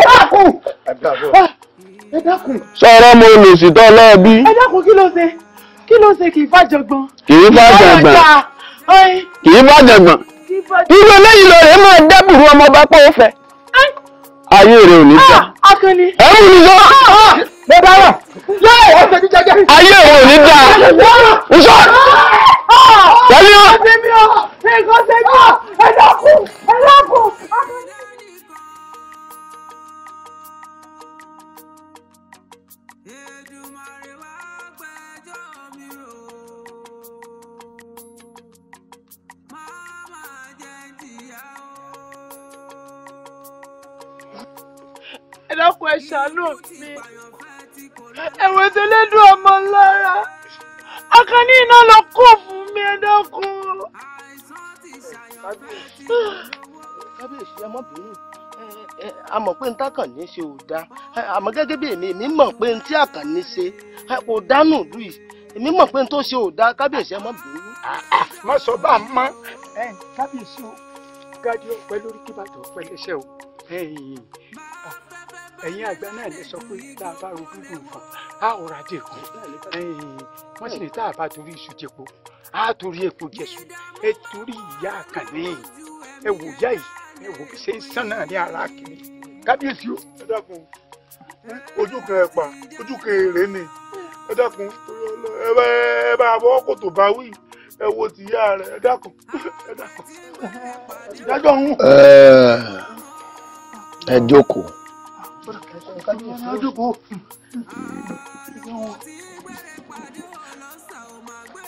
ẹ dákun ẹ dákun. sọ̀rọ̀ mo lò sí tọ́lọ́ bí. ẹ dákun kí ló ṣe kí ló ṣe kì í fàjọgbọ́n. kì í fàjọgbọ́n. bọ́ bá pé ó fẹ́. ayé rẹ ah, ah, ah. ò ní dá. ẹ mi yọ. bẹ́ẹ̀ bá wà. ayé rẹ ò ní dá. nsọ. tẹ̀lé o. ṣàánú mi ẹ̀wọ̀n tẹ́lẹ́dùn ọmọ lára akànní iná lọ kó fún mi ẹ dákun. kábíyèsí ẹ mọ bínú a mọ̀ pé n tákànní ṣe ò dáa àmọ́ gẹ́gẹ́ bí èmi èmi mọ̀ pé n tí àkànní ṣe kò dánù lù yìí èmi mọ̀ pé n tó ṣe ò dáa kábíyèsí ẹ mọ̀ bínú. má sọ bá a mọ kábíyèsí o gájú ọpẹ lórí kíbàtà ọpẹ lẹsẹ o ẹ̀yin àgbà náà lè sọ pé tá a bá ro gúngùn nǹkan á ọ̀rá dèkùn wọ́n sì ní tá a bá torí iṣu jẹpo á torí epo jẹṣu ẹ torí ìyá àkànní ẹ wò ìyá yìí ẹ wò ṣe ń sán náà ní ara kiri kábíyèsí o ẹ dákun ojú kan ẹ pa ojú kan èrè ni ẹ dákun ẹ bá bọ́ kòtò bá wí ẹ wo tìyá rẹ ẹ dákun ẹ dákun ìdájọ́ ń ẹ jókòó kábíyèsí ó jókòó.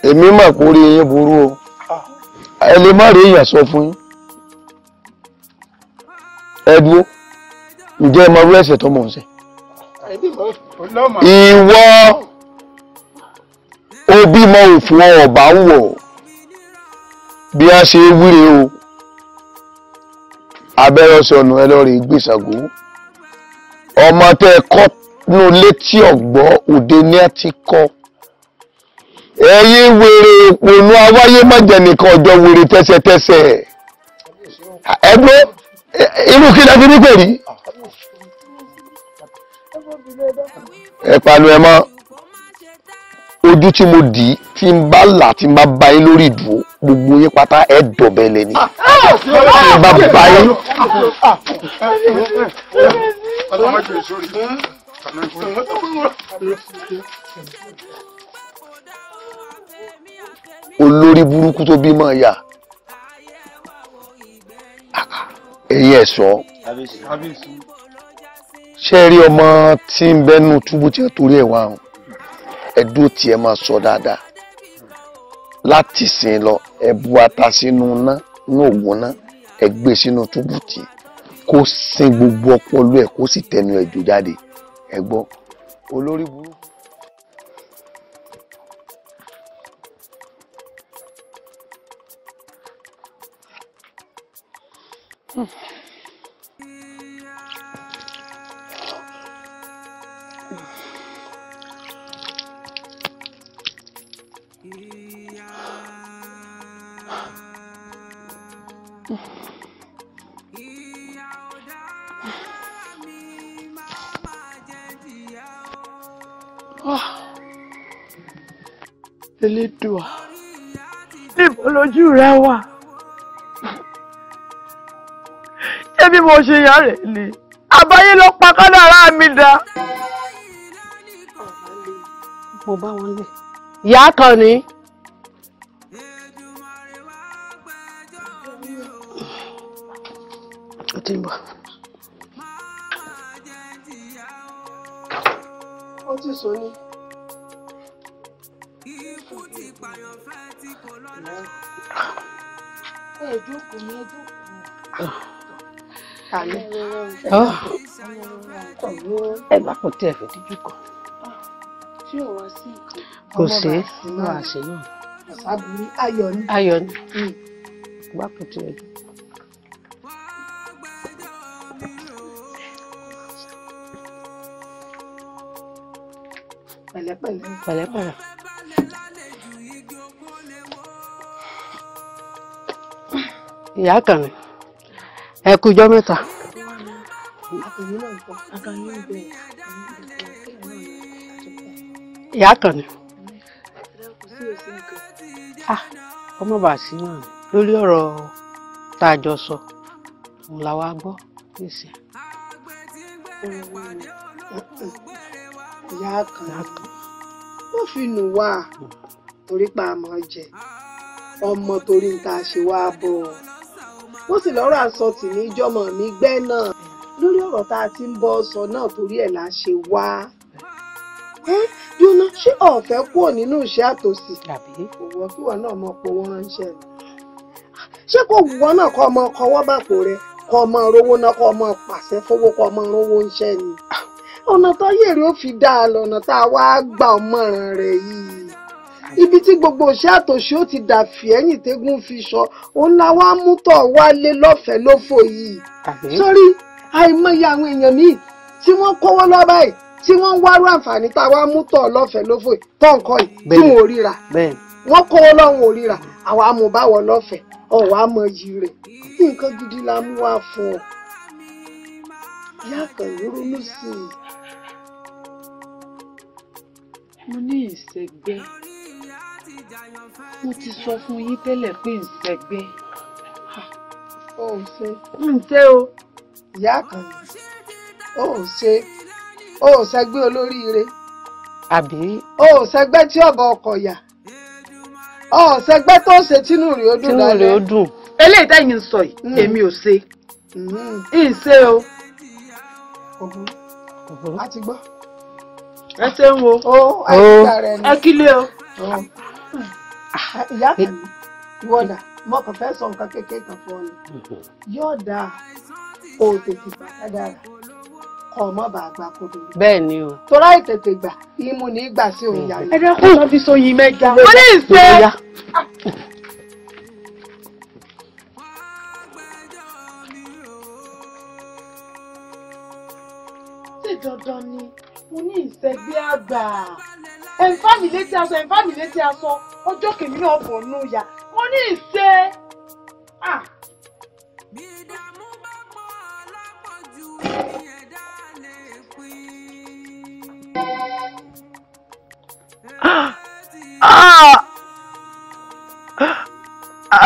èmi mà kó rí yín burú o ẹ lè má rí èèyàn sọ fún yín ẹ dúró ǹjẹ́ ẹ máa rú ẹ̀ṣẹ̀ tó mọ̀ ọ́n ṣe. ìwọ òfin ọba ń bí a ṣe wíre o abẹ́rẹ́ ọ̀sẹ̀ ọ̀nà ẹlọ́rin gbèsàgò ọmọ tẹ ẹ kọ́ nù létí ọ̀gbọ́ òde ní ẹ ti kọ́ ẹ̀yin wèrè òpònú awáyé mọ̀jẹ̀ nìkan ọjọ́ wèrè tẹ́sẹ̀tẹ́sẹ̀ ẹgbẹ́ irú kí lẹ́fi ní pèrí ẹ panu ẹ mọ́ ojú tí mo dì í tí n bá là tí n bá ba yín lórí ìdúró gbogbo yín pátá ẹ dọ̀bẹ̀lẹ̀ ni ah, ah, tí ah, n bá ba yín. olórí burúkú tó bí mọ̀ yà ẹ̀yin ẹ̀ sọ ọmọ tí ń bẹ́nu túbú tí ń torí ẹ̀ wá hàn ẹ dúró tí ẹ máa sọ dáadáa láti sìn lọ ẹ bu ata sínú ná ní òògùn ná ẹ gbé e sínú túbù tí kó sin gbogbo ọpọlọ ẹ kó sì tẹnu ẹ jò jáde ẹ gbọ́ olórí burú. Mm-hmm. Elédùà níbo lójú rẹ wà ṣé bí mo ṣe yà rẹ ni àbáyé ló pa kádàrá mi dá. mo bá wọn lè. ìyá kan ni. ó ń bọ̀. Ah. ẹ má kò tẹ ẹfẹ díjú kan kò sí náà àṣẹ náà ayọ̀ ni má kò tẹ ẹdún. pẹ̀lẹ́pẹ̀lẹ́ pẹ̀lẹ́pẹ̀lẹ́. ìyá kànrin ẹ kú ijọ́ mẹ́ta. ìyá kànrin ah, ọmọ bá sí náà lórí ọ̀rọ̀ tá a jọ sọ òun la wá gbọ́ nísìn. ìyá kànrin ó fi nù wá hmm. torí pa àmọ́ jẹ ọmọ torí ń ta ṣe wá bọ̀ ọ́ ó sì lọ́rọ̀ àsọ tì ní ìjọmọ̀ mi gbẹ́ náà lórí ọ̀rọ̀ tá a ti ń bọ́ sọ náà torí ẹ̀ là ń ṣe wá. dúnà ṣé ọ̀fẹ́ kúrò nínú iṣẹ́ àtòsí. kò wọ́ kí wọn náà mọ pòwó ránṣẹ́ rẹ̀. ṣé kò wọ́n náà kọ́ ọmọ kọwọ́ bàpò rẹ̀ kọ́ ọmọ rówó náà kọ́ ọmọ pàṣẹ fowó kọ́ ọmọ rówó ńṣẹ́ ni. ọ̀nà tó yèrè ó fi dáa lọ́nà tá a wá gbà ọmọràn rẹ̀ yìí ibi tí gbogbo òṣè àtòṣe ó ti dà fi ẹ̀yìn tégún fi sọ òun la wá mú tọ̀ wálé lọ́fẹ̀ẹ́ lófò yìí sórí àìmọye àwọn èèyàn míì tí wọ́n kówó lọ báyìí tí wọ́n ń wárú àǹfààní tá a wá mú tọ̀ lọ́fẹ̀ẹ́ lófò yìí tọ̀ nǹkan yìí tí wọn ò ríra wọ́n kówó lọ́hùn ò ríra àwa mọ̀ báwọ̀ lọ́fẹ̀ẹ́ ọ̀wá mọ̀ yìí rẹ̀ nǹkan gidi la mú wá fún ọ ìyá àkànló sí i mo ní ìṣẹ́gbẹ́ mo ti sọ fún yín tẹ́lẹ̀ pé n ṣẹgbẹ́ o ò ṣe n ṣe o ìyá kan o ò ṣe o ò ṣẹgbẹ́ olóríire àbí o ò ṣẹgbẹ́ tí ọ̀bọ ọkọ̀ yà o ò ṣẹgbẹ́ tó ṣe tínú rẹ̀ ó dùn lálẹ́ tínú rẹ̀ ó dùn eléyìí tẹ́yìn sọ yìí mm. èmi ò ṣe mm-hmm. n ṣe o a ti gbọ́ ẹ ṣeun o ẹ kílé o ìyá ah, kan ìwọ́dà mo kàn fẹ́ sọ nǹkan kékeré kan fún ọ ni yóò dáa o tètè gbà dáadáa kọ ọmọ bàá gba kodo. bẹ́ẹ̀ ni o. torá ìtètè gbà imú ní gbà sí òun yàrá. ẹ dẹ́kun lọ fi sọyìn mẹ́jọ. ó lè ṣe. ṣé dandan ni mo ní ìṣẹ́gbẹ́ àgbà ẹ̀ǹfà mi létí aṣọ ẹ̀ǹfà mi létí aṣọ ọjọ́ kèmí náà bọ̀ nù yá mo ní ìṣe.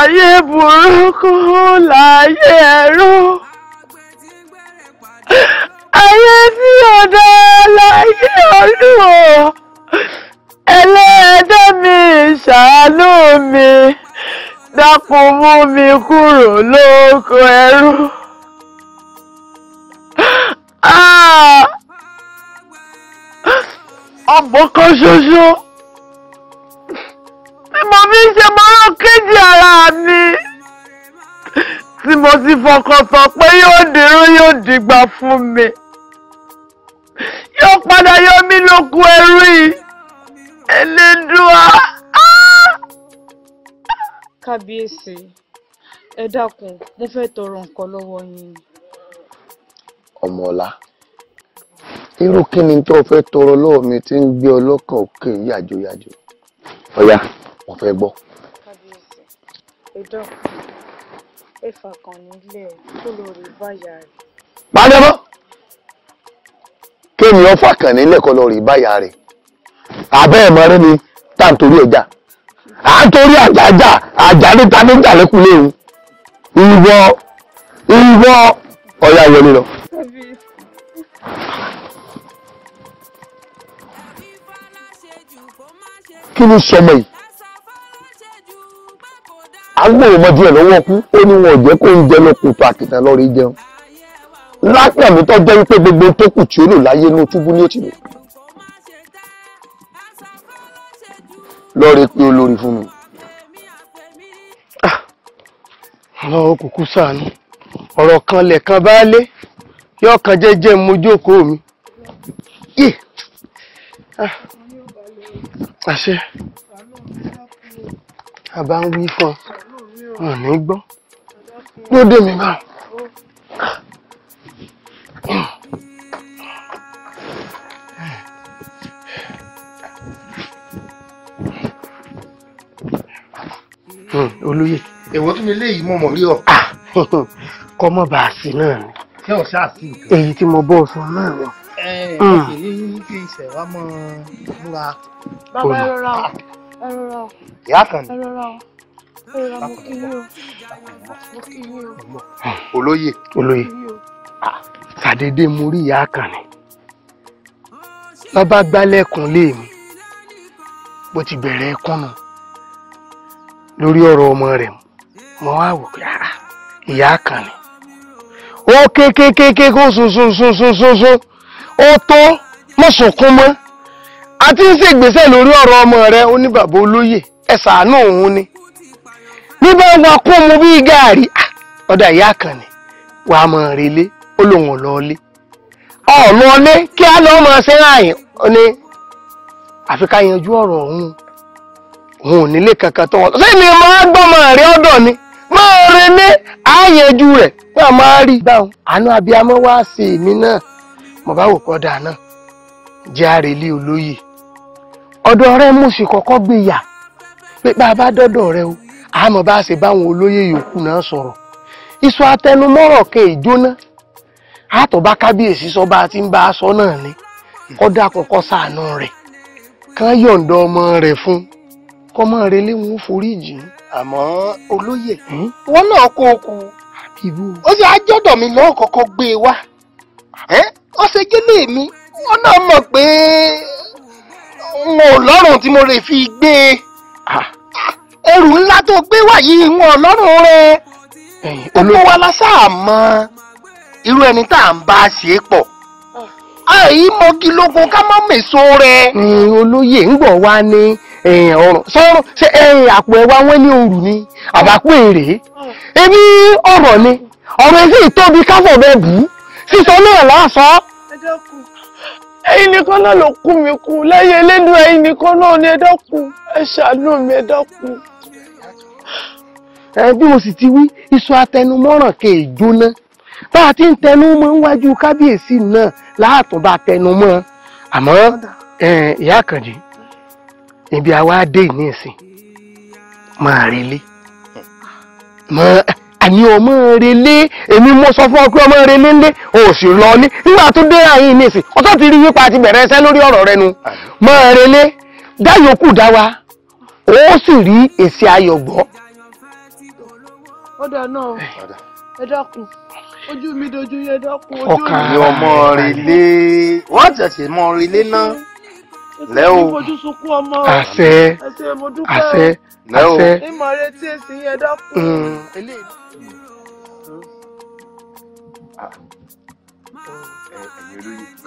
ayé burúkú láyé ẹ̀rọ ayé tí ọ̀dà láyé ọdún ẹlẹ́ẹ̀dẹ́ mi ṣàánú mi dákun mú mi kúrò lóko ẹrú. Ah! ọ̀pọ̀ kan ṣoṣo tí mo fi ṣe mọ́rọ́ kejì ara mi tí mo ti fọkàn tán pé yóò dìrú yóò dìgbà fún mi yóò padà yọ mí lóko ẹrú yìí. Elédùà. Kábíyèsí, ẹ dákun, mo fẹ́ tọrọ nǹkan lọ́wọ́ yín. Ọmọọlá, irú kí ni tó fẹ́ tọrọ lọ́wọ́ mi tí ń gbé ọlọ́kàn òkè yàjóyàjó? Ọ̀yá, mo fẹ́ gbọ́. Kábíyèsí, ẹ dákun, ẹ fàkàn nílẹ̀ tó lórí báyà rẹ̀. Bá a kí ni ọ fàkàn nílẹ̀ kọ́ lórí báyà rẹ̀? àbẹ́ ẹ̀mọ́rí ni tá à ń torí ẹ̀já à ń torí àjàjà àjàdé ta ní jàlékún léwu ìwọ ìwọ ọ̀yà wọlé lọ. kí ni sọmọ yìí agbóhùnmọ́dé ẹ̀ lọ́wọ́ kú ó ní wọn ò jẹ́ kó ń jẹ lọ́kùtù àkìtàn lọ́rẹ́ jẹun lápẹ̀mú tó jẹ́ wípé gbogbo tó kù tí ó lò láyé inú túbú ní òtítọ́ lọ́ọ̀rẹ́ pé olórí fún mi. ọlọ́run kúkú ṣàánú ọ̀rọ̀ kan lẹ̀kan bá lé yóò kan jẹ́jẹ́ mojókòó mi. Ah. àṣẹ àbá ń wí fún ọ wọn ní gbọ́ lóde mi bá. Mm. olóyè. èwo tún eléyìí mo mọ̀ rí ọ. Ah! <laughs> kọ́ mọ́ bá a sí náà ni. ṣé o ṣáà sí nǹkan. èyí tí mo bọ́ fún náà wọ. ẹ ẹ hmm. kìí kí ìṣẹ̀ wa mọ múra. bàbá ẹ rọra o ẹ rọra o. ìyá kan ni. ẹ rọra o ẹ rọra mo kí yín o mo kí yín o. olóyè. olóyè ah, ṣàdédé mo rí ìyá kan ni. bàbá gbálẹ̀kùn lé mi bó ti bẹ̀rẹ̀ ẹkún nù. lórí ọ̀rọ̀ ọmọ rẹ̀ mo wá wò pé ah, ìyá kan ni ó kó o tó àti gbèsè lórí ọ̀rọ̀ ọmọ rẹ̀ olóyè ni ah, ni òun ò nílé kankan tó wọn. sẹ́mi máa gbọ́mọ ni máa àyẹ̀jú rẹ̀ pé a máa rí gbà wọn. àánú abiyamọ wá sí èmi náà mo bá wò náà jẹ́ àrèlé olóyè ọ̀dọ̀ rẹ kọ́kọ́ gbé pé bá a bá dọ́dọ̀ rẹ o àmọ́ bá a báwọn olóyè yòókù náà sọ̀rọ̀ iṣu atẹnumọ́rọ̀ kan ìjóná àtọ̀bá kábíyèsí sọ bá a ti ń bá a sọ náà ni kọ́ dákun kọ́ rẹ̀ kán ọmọ kọ́mọ relé wọn foríjì àmọ́ olóyè hmm? wọn náà kó o kú ó sì ájọ́dọ̀ mi lọ́wọ́ kọ́kọ́ gbé e wá ó ṣe gélé mi wọn náà mọ̀ pé wọn ò lọ́rùn tí mo lè fi gbé e ẹrù ńlá tó gbé wá yìí wọn ò lọ́rùn rẹ olówó aláṣà mọ irú ẹni tá à ń bá a ṣe pọ̀ àìmọ̀gilógun ah. ká má mèso rẹ. olóyè ń gbọ̀ wá ní. ẹ̀yìn ọ̀rọ̀ sọ́rọ̀ ṣe ẹ̀yìn àpò ẹ̀wà wọn ní òru ni àbápò èrè ebi ọ̀rọ̀ ni ọ̀rọ̀ èsì ìtóbi káfọ̀ bẹ́ẹ̀ bù ú sísọ náà lásọ. ẹ̀yin nìkan náà ló kú mi kú lẹ́yìn elédùn ẹ̀yin nìkan náà ni ẹ dákun ẹ ṣàánú mi ẹ dákun. ẹ bí mo sì ti wí iṣu atẹnumọ́ràn kè é bá a ti ń tẹnu mọ́ níwájú kábíyèsí náà láàtúnbà tẹnu mọ́ àmọ́ ìyá àkànjì níbi àwa dé ní ìsìn máa relé àní ọmọ relé èmi mo sọ fún ọ pé ọmọ relé ńlé o sì lọ ní nígbà tó dé àyín ní ìsìn ọtọ ti rí wípé a ti bẹ̀rẹ̀ ẹsẹ̀ lórí ọ̀rọ̀ rẹ nu máa relé dáyòókù dá wa ó sì rí èsì ayọ̀ gbọ́. ó dáná ẹ dákun ojú mi dojú yẹ dákun ojú mi. ọkàn ọmọ relé wọ́n tẹ̀sí mọ́ relé náà lẹ mm. o àṣẹ àṣẹ àṣẹ. ìmọ̀ rẹ tí èsì yẹn dákun.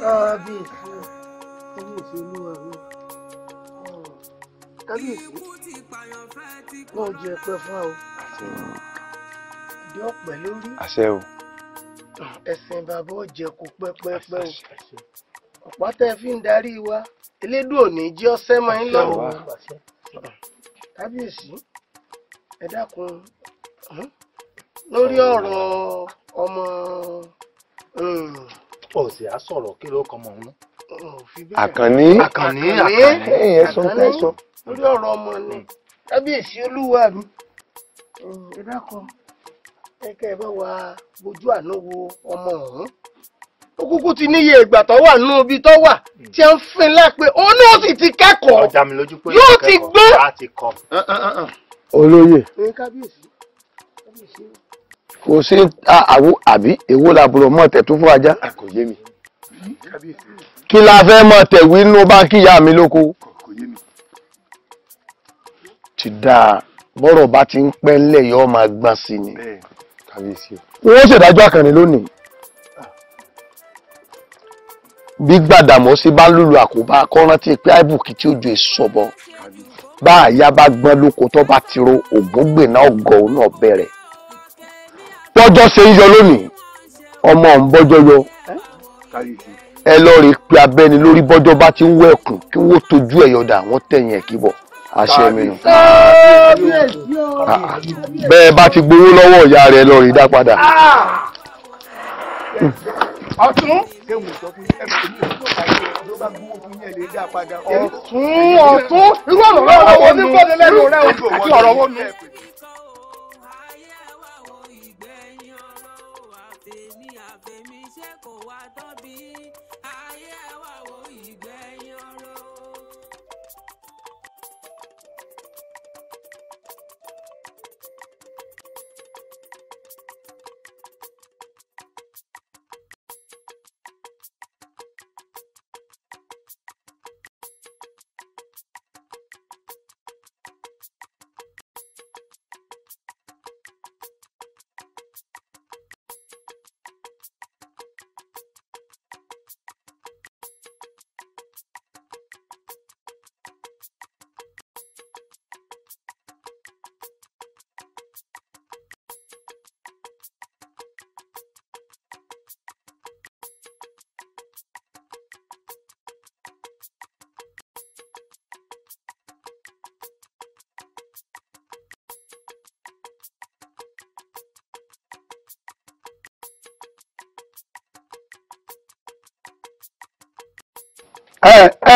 kábíyèsí kábíyèsí olúwa mi kábíyèsí wọn ò jẹ ẹpẹ fún ọ ìdí ọpẹ lórí ẹsìn bàbá ọjẹ kò pẹpẹpẹ o ọ̀pá tẹ fi ń darí wa elédùn òní jí ọsẹ máa ń lọ́rùn kábíyèsí ẹ dákun lórí ọ̀rọ̀ ọmọ. ọ̀sẹ̀ á sọ̀rọ̀ kí ló kọ́ ọmọ ọ̀hún. àkànní àkànní àkànní ẹ̀sùn tẹ̀sùn. lórí ọ̀rọ̀ ọmọ ni hmm. kábíyèsí olúwa mi ẹ dákun ẹ kẹ́ ẹ bá wa bójú àná wo ọmọ ọ̀hún ó kúkú ti níye ìgbà tó wà nínú ibi tó wà hmm. tí a ń fin lápẹ́ òun náà sì ti kẹ́kọ̀ọ́ yóò ti gbọ́n. olóyè kò sí àwo àbí èwo làbúrò mọ́ tẹ̀ tó fún ajá kí la fẹ́ mọ́ tẹ̀ wí nínú báńkì ìyá mi lóko ti dáa bọ́rọ̀ bá ti ń pẹ́ ńlẹ̀ yóò máa gbọ́n sí ni wọ́n ṣèdájọ́ àkànní lónìí bí Gbàdàmọ́sí bá lùlù àkóbá kọ́rántì pé àìbùkí tí ó ju èso bọ̀ bá àyà bá gbọ́n lóko tó bá ti ro ògúngbè náà ọgọ́ òun náà bẹ̀rẹ̀ bọ́jọ́ ṣe ń yọ lónìí ọmọ ọ̀hún bọ́jọ́ yọ ẹ lọ rí pé abẹ́ni lórí bọ́jọ́ bá ti ń wọ ẹ̀kùn kí wọ́n tójú ẹ̀ yọ̀dà wọ́n tẹ̀yìn ẹ̀ kíbọ̀ àṣẹ mi nù. bẹ́ẹ̀ bá ti gbowó lọ́wọ́ ìyá kéwù sọ fún yín ẹgbẹ́ mi ò bá yẹ ló bá gbówó fún yín ẹ lè ọ̀tún ọ̀tún irú ọ̀rọ̀ wo ni irú ọ̀rọ̀ wo ni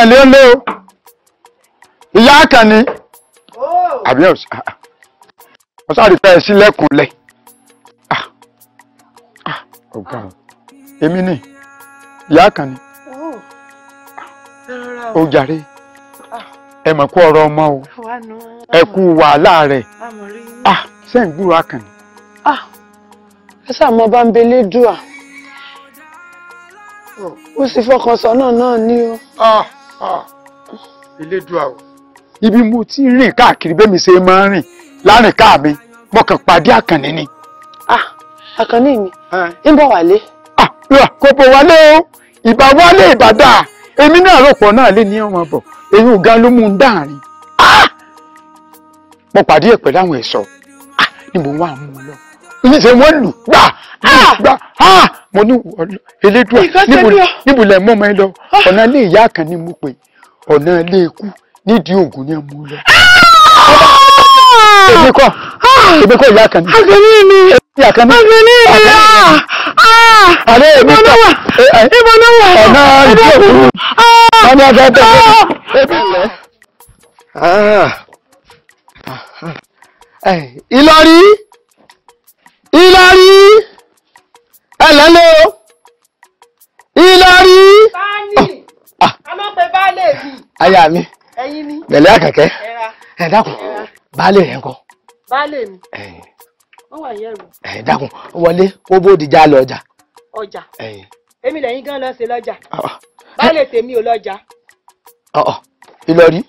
ẹ̀lẹ́ lé o ìyá àkànní àbí ọ̀sáàdì tẹ́ ẹ sílẹ̀kùnlẹ̀ ah, ah, ọ̀gá o èmi ni ìyá àkànní ó jàre ẹ mọ̀ kú ọ̀rọ̀ ọmọ o ẹ kú wàhálà rẹ̀ ah, ṣé gbúrò àkànní. ẹ bá ń belé ó sì fọkàn náà elédùà o. ibi mo ti rìn káàkiri bẹ́mi ṣe máa ń rìn láàrin ká mi mo kàn pàdé àkànní ni. ah àkànní mi ń bọ̀ wálé. ah kò bọ̀ wálé o ìbá wálé ìbàdà èmi náà ròpọ̀ náà lé ní ọmọ bọ̀ èyí ò gan ló mú un dáàrin. ah mo pàdé ẹ̀ pẹ̀lú àwọn ẹ̀ṣọ́ ah ni mo wá mú un lọ níṣẹ́ wọ́n lù gbà ah! gbà ah! mo ní elédùà níbo lẹ̀ mọ́ ọmọ ẹ lọ ah! ọ̀nà ilé ìyá kan ni mo pè é ọ̀nà ilé ikú nídìí ògùn ni ẹ mú lọ. Ah! èmi kọ́ ah! èmi kọ́ ìyá kan ní. àgbẹ̀ni mi ìyá kan ní. àgbẹ̀ni ìyá àlẹ́ èmi kọ́ ìbọn náà wà ọ̀nà ìdí òkú ọ̀nà ọ̀dọ̀ ah! ọ̀dọ̀ Ìlọrin. aya mi pẹ̀lẹ́ àkàkẹ́ ẹ dákun baálé rẹ̀ ńkọ́. baálé mi wọ́n wà yẹ̀rù. ẹ dákun wọlé kó bóde já lọ ọjà. ọjà èmi lẹ́yìn gan lọ sí lọ́jà ah, ah. baálé tèmi ò lọ́jà. Ah, ìlọrí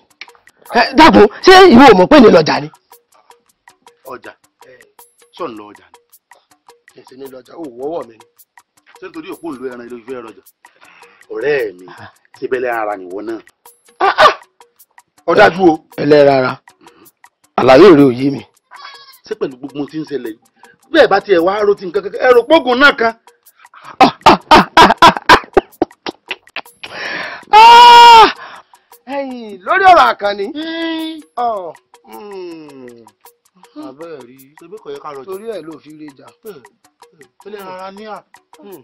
ẹ dákun ṣé ìwé ò mọ̀ pé ní lọ́jà ni. ọjà ṣọ̀ ń lọ ọjà ni kẹsì ní lọ́jà ó wọ́wọ́ mi ni ṣé nítorí òpó ìlú ẹran ilé ìfẹ́ rọjà ọ̀rẹ́ mi síbẹ̀ lẹ́yìn ara nìwọ náà Ah, ọ̀dájú o. ẹlẹ́rara àlàyé rẹ ò yé mi. ṣé pẹ̀lú gbogbo tí ń ṣẹlẹ̀ yìí bẹ́ẹ̀ bá tiẹ̀ wá rò ti nǹkan kankan ẹ̀rọ pógùn náà kan. <laughs> lórí ọ̀rọ̀ àkànní. àbẹ́ẹ̀ hmm. hmm. rí ṣebí kò yẹ ká rọjà. torí ẹ̀ ló fi rí ìjà. ẹlẹ́rara ní à. Hmm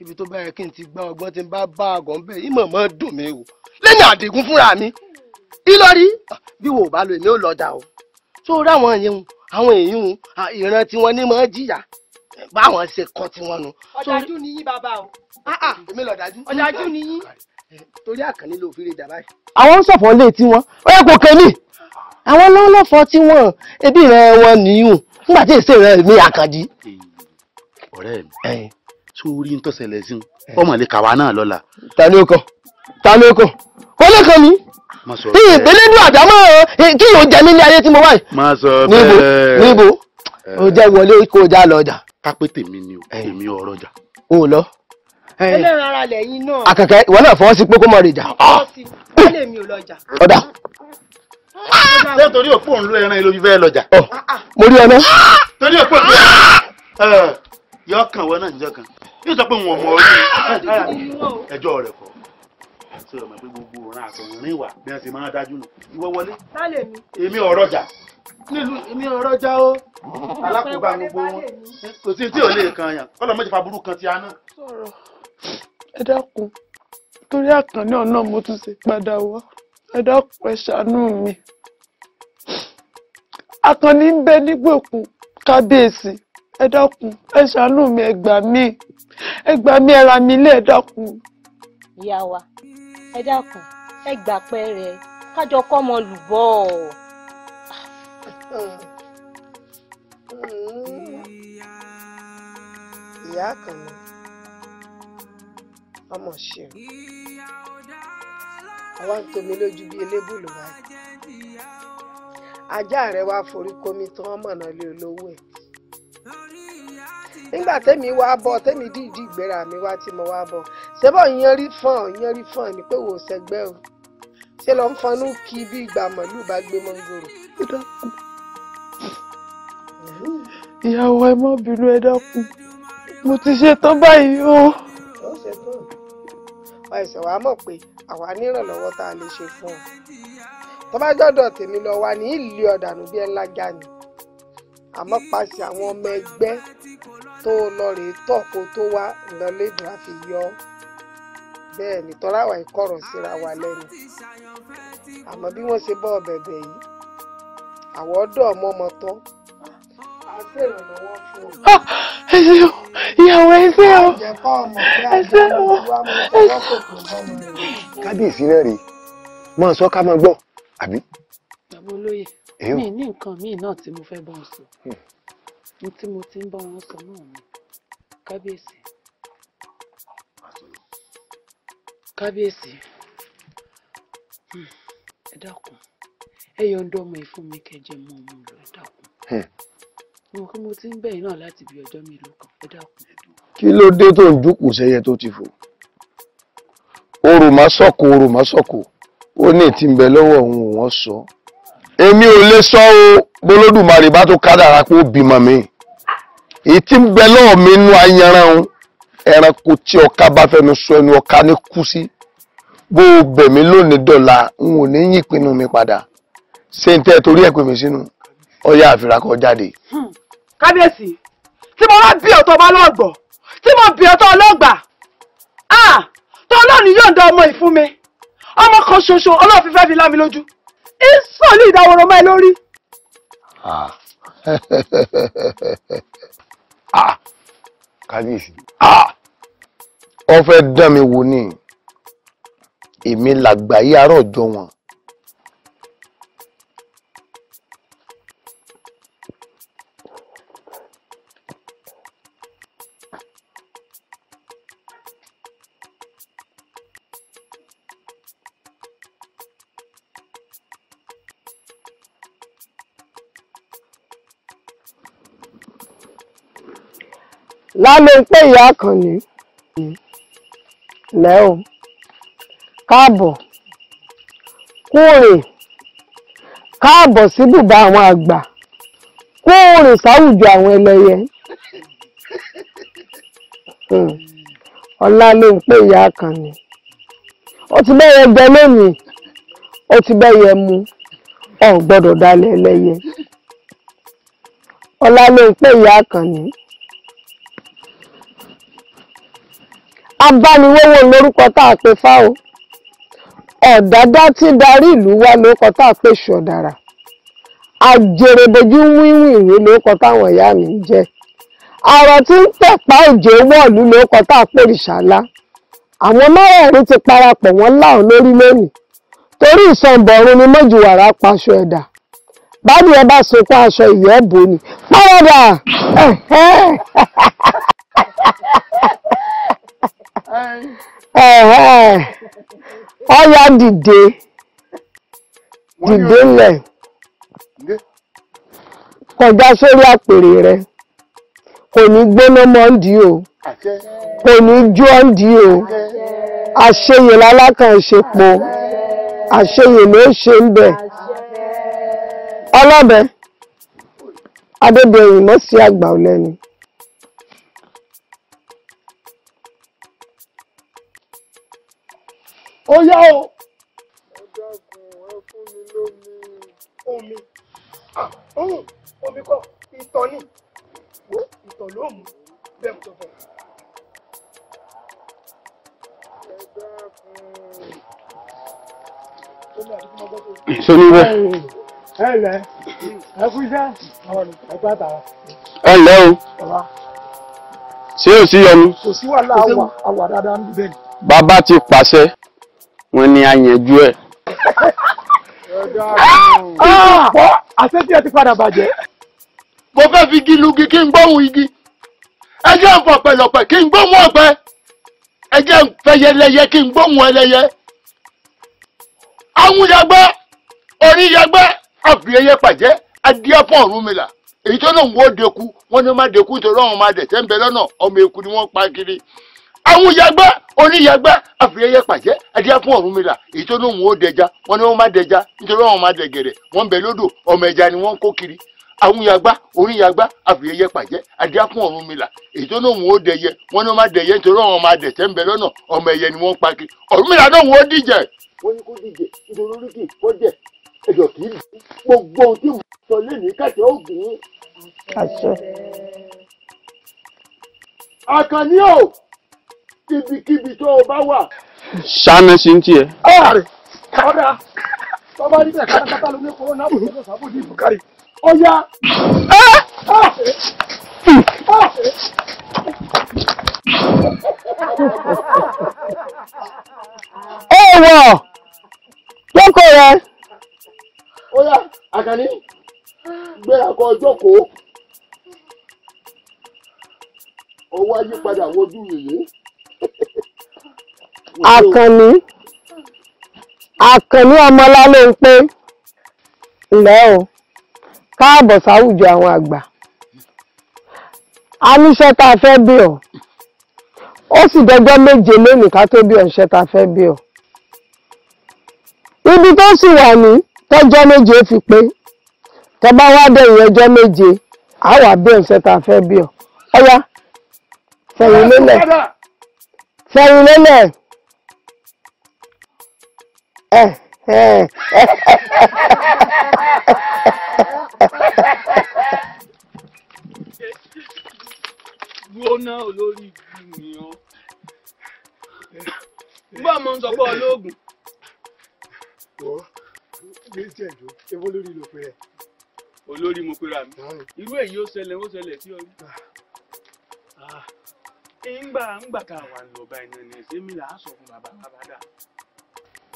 ibi tó bá yẹ kí n ti gbá ọgbọ́n tí n bá bá àgọ́ ń bẹ̀ ìmọ̀ mọ́ dùn mí o lẹ́nu àdìgún fúnra mi ìlọrí bí wò bá lo èmi ò lọ o tó ráwọn yẹn àwọn èèyàn ìran tiwọn ní mọ́ jìyà báwọn ṣe kọ́ tiwọn nu. ọ̀dájú ni yín bàbá o. Ah, ah, èmi lọ ọ̀dájú ni yín. torí àkànní ló fi lè dà báyìí. àwọn ń ṣọ̀fọ̀ lé tiwọn ó yẹ kó kẹ́lì àwọn lọ́lọ́fọ́ tiwọn ẹbí rẹ wọn nìyún nígbà tí èsì rẹ mi àkàndí. ọ̀rẹ́ mi sórí ń tọ́sẹ̀lẹ̀ sí ọmọ lè kàwá náà lọ́la. ta ni ó kọ ta ni ó kọ kó lè kàn mí ìpínlẹ̀dún àdámọ́ kí yóò jẹ mí ní ayé tí mo wà yìí níbo níbo ó jẹ́ wọlé kó o já lọ ọjà. kápẹ́ tèmi ni o èmi ọ̀rọ̀ ọjà. o lọ àkàkẹ́ ìwọ náà fọwọ́ sí pé kó mọ̀ rè jà. ọ̀dà. ṣé torí òpó òun ló ẹran ẹ lójú fẹ́ lọ́jà. mo rí ọ náà. torí òpó òun ló ẹran. Ah! yọ kàn wọ́n náà níjọ́ kan yóò sọ pé wọn mọ orí ẹjọ́ rẹ̀ kọ́ ṣé o mọ̀ pé gbogbo òun àtọ̀hún rìn wà bí wọ́n ṣe máa dájú nù ìwọ wọlé. èmi jà nílùú èmi alákòóbá gbogbo wọn kò sí tí ò lè kan yàn kan ti ẹ dákun torí àkànní ọ̀nà mo ṣe padà ẹ dákun ẹ ṣàánú mi ẹ dákun ẹ ṣàánú mi ẹ gbà mí ẹ gbà mí ẹ ra mi ilé ẹ dákun. ìyá wa ẹ dákun ẹ gbà pẹ́ rẹ kájọ kọ́ ọmọ lùbọ́ ọ. ìyá kan ni ọmọ ṣe àwa ń tomi lójú bíi elébùlù wa ajá rẹ wá forí komi tán ọmọ náà lé olówó ẹ nígbà tẹ́mi wá bọ̀ tẹ́mi dìídì ìgbéra mi wá tí mo wá bọ̀ ṣébọ̀ ìyẹn rí fọ́n ìyẹn rí fọ́n ni pé wò ó sẹgbẹ́ o ṣé lọ ń fọnú kí bí ìgbà mọ̀lú bá gbé mọ́ngòrò. ẹ dákun ìyàwó ẹ má bínú ẹ dákun mo ti ṣetán báyìí o. ó ṣetán àìsàn wàá mọ̀ pé àwa nírànlọ́wọ́ tá a lè ṣe fún ọ tó bá gbọ́dọ̀ tèmi lọ wá ní ìlú ọ̀dànù bíi ńlá gani àmọ́ paṣẹ àwọn ọmọ ẹgbẹ́ tó lọ rèé tọ̀ kó tó wá ìlọlẹ́dùn àfi yọ ọ́ bẹ́ẹ̀ ni tọ́ra wà ìkọ̀rọ̀ síra wa lẹ́nu àmọ́ bí wọ́n ṣe bọ́ ọ̀bẹ̀bẹ̀ yìí àwọn ọ̀dọ́ ọmọ ọmọ tọ́ ah, ìyàwó ẹsẹ o ẹsẹ o kábíyèsí náà rèé mọ sọ ká máa gbọ́ àbí. bàbá mi ní nǹkan míì náà tí mo fẹ́ bá ọ mo tí mo ti ń bá wọn sọ náà ni kábíyèsí kábíyèsí hmm, ẹ dákun ẹ yọ̀ǹda ọmọ yìí fún mi kẹjẹ mọ ọmọ lọ ẹ dákun mo kí mo ti ń bẹ̀yìn náà láti bí ọjọ́ mélòó kan ẹ dákun. kí ló dé tó ń dúkùú sẹ́yẹ tó ti fò orò má sọ̀kò orò má sọ̀kò ó ní ìtì ń òun ò wọ́n sọ. So èmi ò lè sọ o bolódùmarè bá tó kádàrá pé ó bímọ mi èyí tí ń bẹ lọ́wọ́ mi nú ayanran ẹranko tí ọká bá fẹnu sọ ẹnu ọká ní kú sí bó o bẹ̀ mí lónìí dọ̀la n ò ní yí ìpinnu mi padà ṣé n tẹ́ torí ẹ̀ pè mí sínú ọyá àfirakọ jáde. Hmm, kábíyèsí tí mo bá to ọ̀tọ̀ bá lọ́gbọ̀ tí mo bí ọ̀tọ̀ ọlọ́gbà tó ọlọ́ọ̀ni yóò dán ọmọ ìfún mi ọmọ kan ṣoṣo ọlọ́ọ̀fífẹ́ fi lá mi lójú ń sọ̀lú ìdáwọ̀rọ̀ máa lórí. Ah. <laughs> Ah. kábíyèsí ah. wọ́n fẹ́ dán mi wò ni èmi làgbà yí arọ́ ọjọ́ wọn lálẹ́ńpẹ́ ìyá àkànní lẹ́ o káàbọ̀ kúrìn káàbọ̀ sí bùbá àwọn àgbà kúrìn sáwùjọ àwọn ẹlẹyẹ hmm. Ọlá ń pè ìyá kan ní ó ti bẹ́yẹ jẹ lónìí ó ti bẹ́yẹ mu ọ̀ gbọ́dọ̀ dalẹ̀ ẹlẹ́yẹ ọlálẹ́ńpẹ́ ìyá àkànní. abániwówó lórúkọ tá a pè fá o ọ̀dádá tí darí ìlú wá lórúkọ tá a pè ṣọ̀dàrà àjèrèbèjú wíwìnwí lórúkọ táwọn ìyá mi ń jẹ́ àrọ̀ tí ń tẹ̀pá òjò wọ̀lú lórúkọ tá a pè rìṣàlá àwọn mẹ́rẹ̀ẹ̀rin ti parapọ̀ wọn láwọn lórí lónìí torí ìsọ̀nbọ̀rún ni mọ́jùwàrà paṣọ ẹ̀dà báàbí ẹ bá so pa aṣọ ìyẹ́ bò ní. pàrọ̀dà. <laughs> ọyá dìde dìde lẹ̀ kọjá sórí àpèrè rẹ kò ní gbóná mọ́ndì o kò ní jó ọ́ndì o àṣeyè lálákànṣepọ̀ àṣeyè ló ṣe ń bẹ̀ ọlọ́bẹ̀ adébẹ̀yìn mọ́ sí àgbà ọ̀lẹ́ni. ó yá o. ọ̀dàgùn ẹ fún mi lómi. omi omi kọ ìtọ̀ ni wo ìtọ̀ ló mú bẹ́ẹ̀ tó bọ̀. soniwọ. ẹ lẹ ẹ kú iṣẹ́ ẹ gbá tààrà. ẹ lẹ o ṣé o sí yọnu. kò sí wàhálà àwà àwà dáadáa ń bẹ. bàbá ti pàṣẹ wọ́n ní àyànjú ẹ̀. ọ̀pọ̀ ah! àṣetí ẹ ti padà bàjẹ́. mo fẹ́ fi igi lugi kí n gbóhùn igi ẹ jẹ́ ń fọ̀pẹ̀ lọ̀pẹ̀ kí n gbóhùn ọ̀pẹ ẹ jẹ́ ń fẹyẹlẹyẹ kí n gbóhùn ẹlẹyẹ. àwọn yagbẹ́ orí yagbẹ́ àfìyẹyẹ pàjẹ́ adìẹ fún Ọ̀rúnmìlà èyí tó náà ń wó deku wọ́n ní má deku tó lọ́wọ́ má dẹ̀ tẹ́ ń bẹ lọ́nà ọmọ eku ni wọ́n pa kiri àwọn yàgbá oníyàgbá àfìyẹyẹ pàjẹ adíyàkún Ọ̀rúnmìlà èyí tó lóun ó dẹja wọn ni wọn má dẹja nítorí wọn má dẹgẹrẹ wọn bẹ lódò ọmọ ẹja ni wọn kó kiri àwọn yàgbá oníyàgbá àfìyẹyẹ pàjẹ adíyàkún Ọ̀rúnmìlà èyí tó lóun ó dẹyẹ wọn ni wọn má dẹyẹ nítorí wọn má dẹtẹ ń bẹ lọ́nà ọmọ ẹyẹ ni wọn pa kiri Ọ̀rúnmìlà náà wọn ó díje. wọ́n ní kó díje nítorí oríkì kó jẹ ẹ̀jọ̀ kì í gbogbo ohun tí mo sọ lénìí kàtẹ́ ògùn. àṣẹ. àkànní o kíbikíbi tó o bá wà. ṣáná sí ń tiẹ̀. ọ̀rẹ́ ọ̀dà tọ́ba níbẹ̀ kárakáta ló ní kó náà bò lọ́sà bò ní ìbùkárì. ó yá. ẹ wọ lóko rẹ. ó yá àkànní gbé àgọ́ ọjọ́ kó ó wá yípadà wojú yèyé àkànní àkànní ọmọlá ló ń pé ǹlẹ́ o káàbọ̀ sáwùjọ àwọn àgbà a níṣẹ́ tá a fẹ́ bí ọ ó sì dọjọ́ méje lónìí ká tó bí ọ̀ṣẹ́ tá a fẹ́ bí ọ ibi tó sì wà ní tọ́jọ́ méje fi pé tọba wá dẹ̀yìn ọjọ́ méje á wà bí ọ̀ṣẹ́ tá a fẹ́ bí ọ ọ̀yá fẹ̀yìn lélẹ̀ fẹ̀yìn lélẹ̀ gbóná olórí ìgbìmọ̀ bá a mọ̀ ń sọpọ̀ olóògùn. wọ́n ní ìjẹ́jọ́ ewu lórí ló pe rẹ̀. olórí mo pera mi irú èyí ó ṣẹlẹ̀ ó ṣẹlẹ̀ sí ọ rí. ńgbà ah. ah. ńgbà tá a wà lọ báyìí nìyẹn sẹ́mi là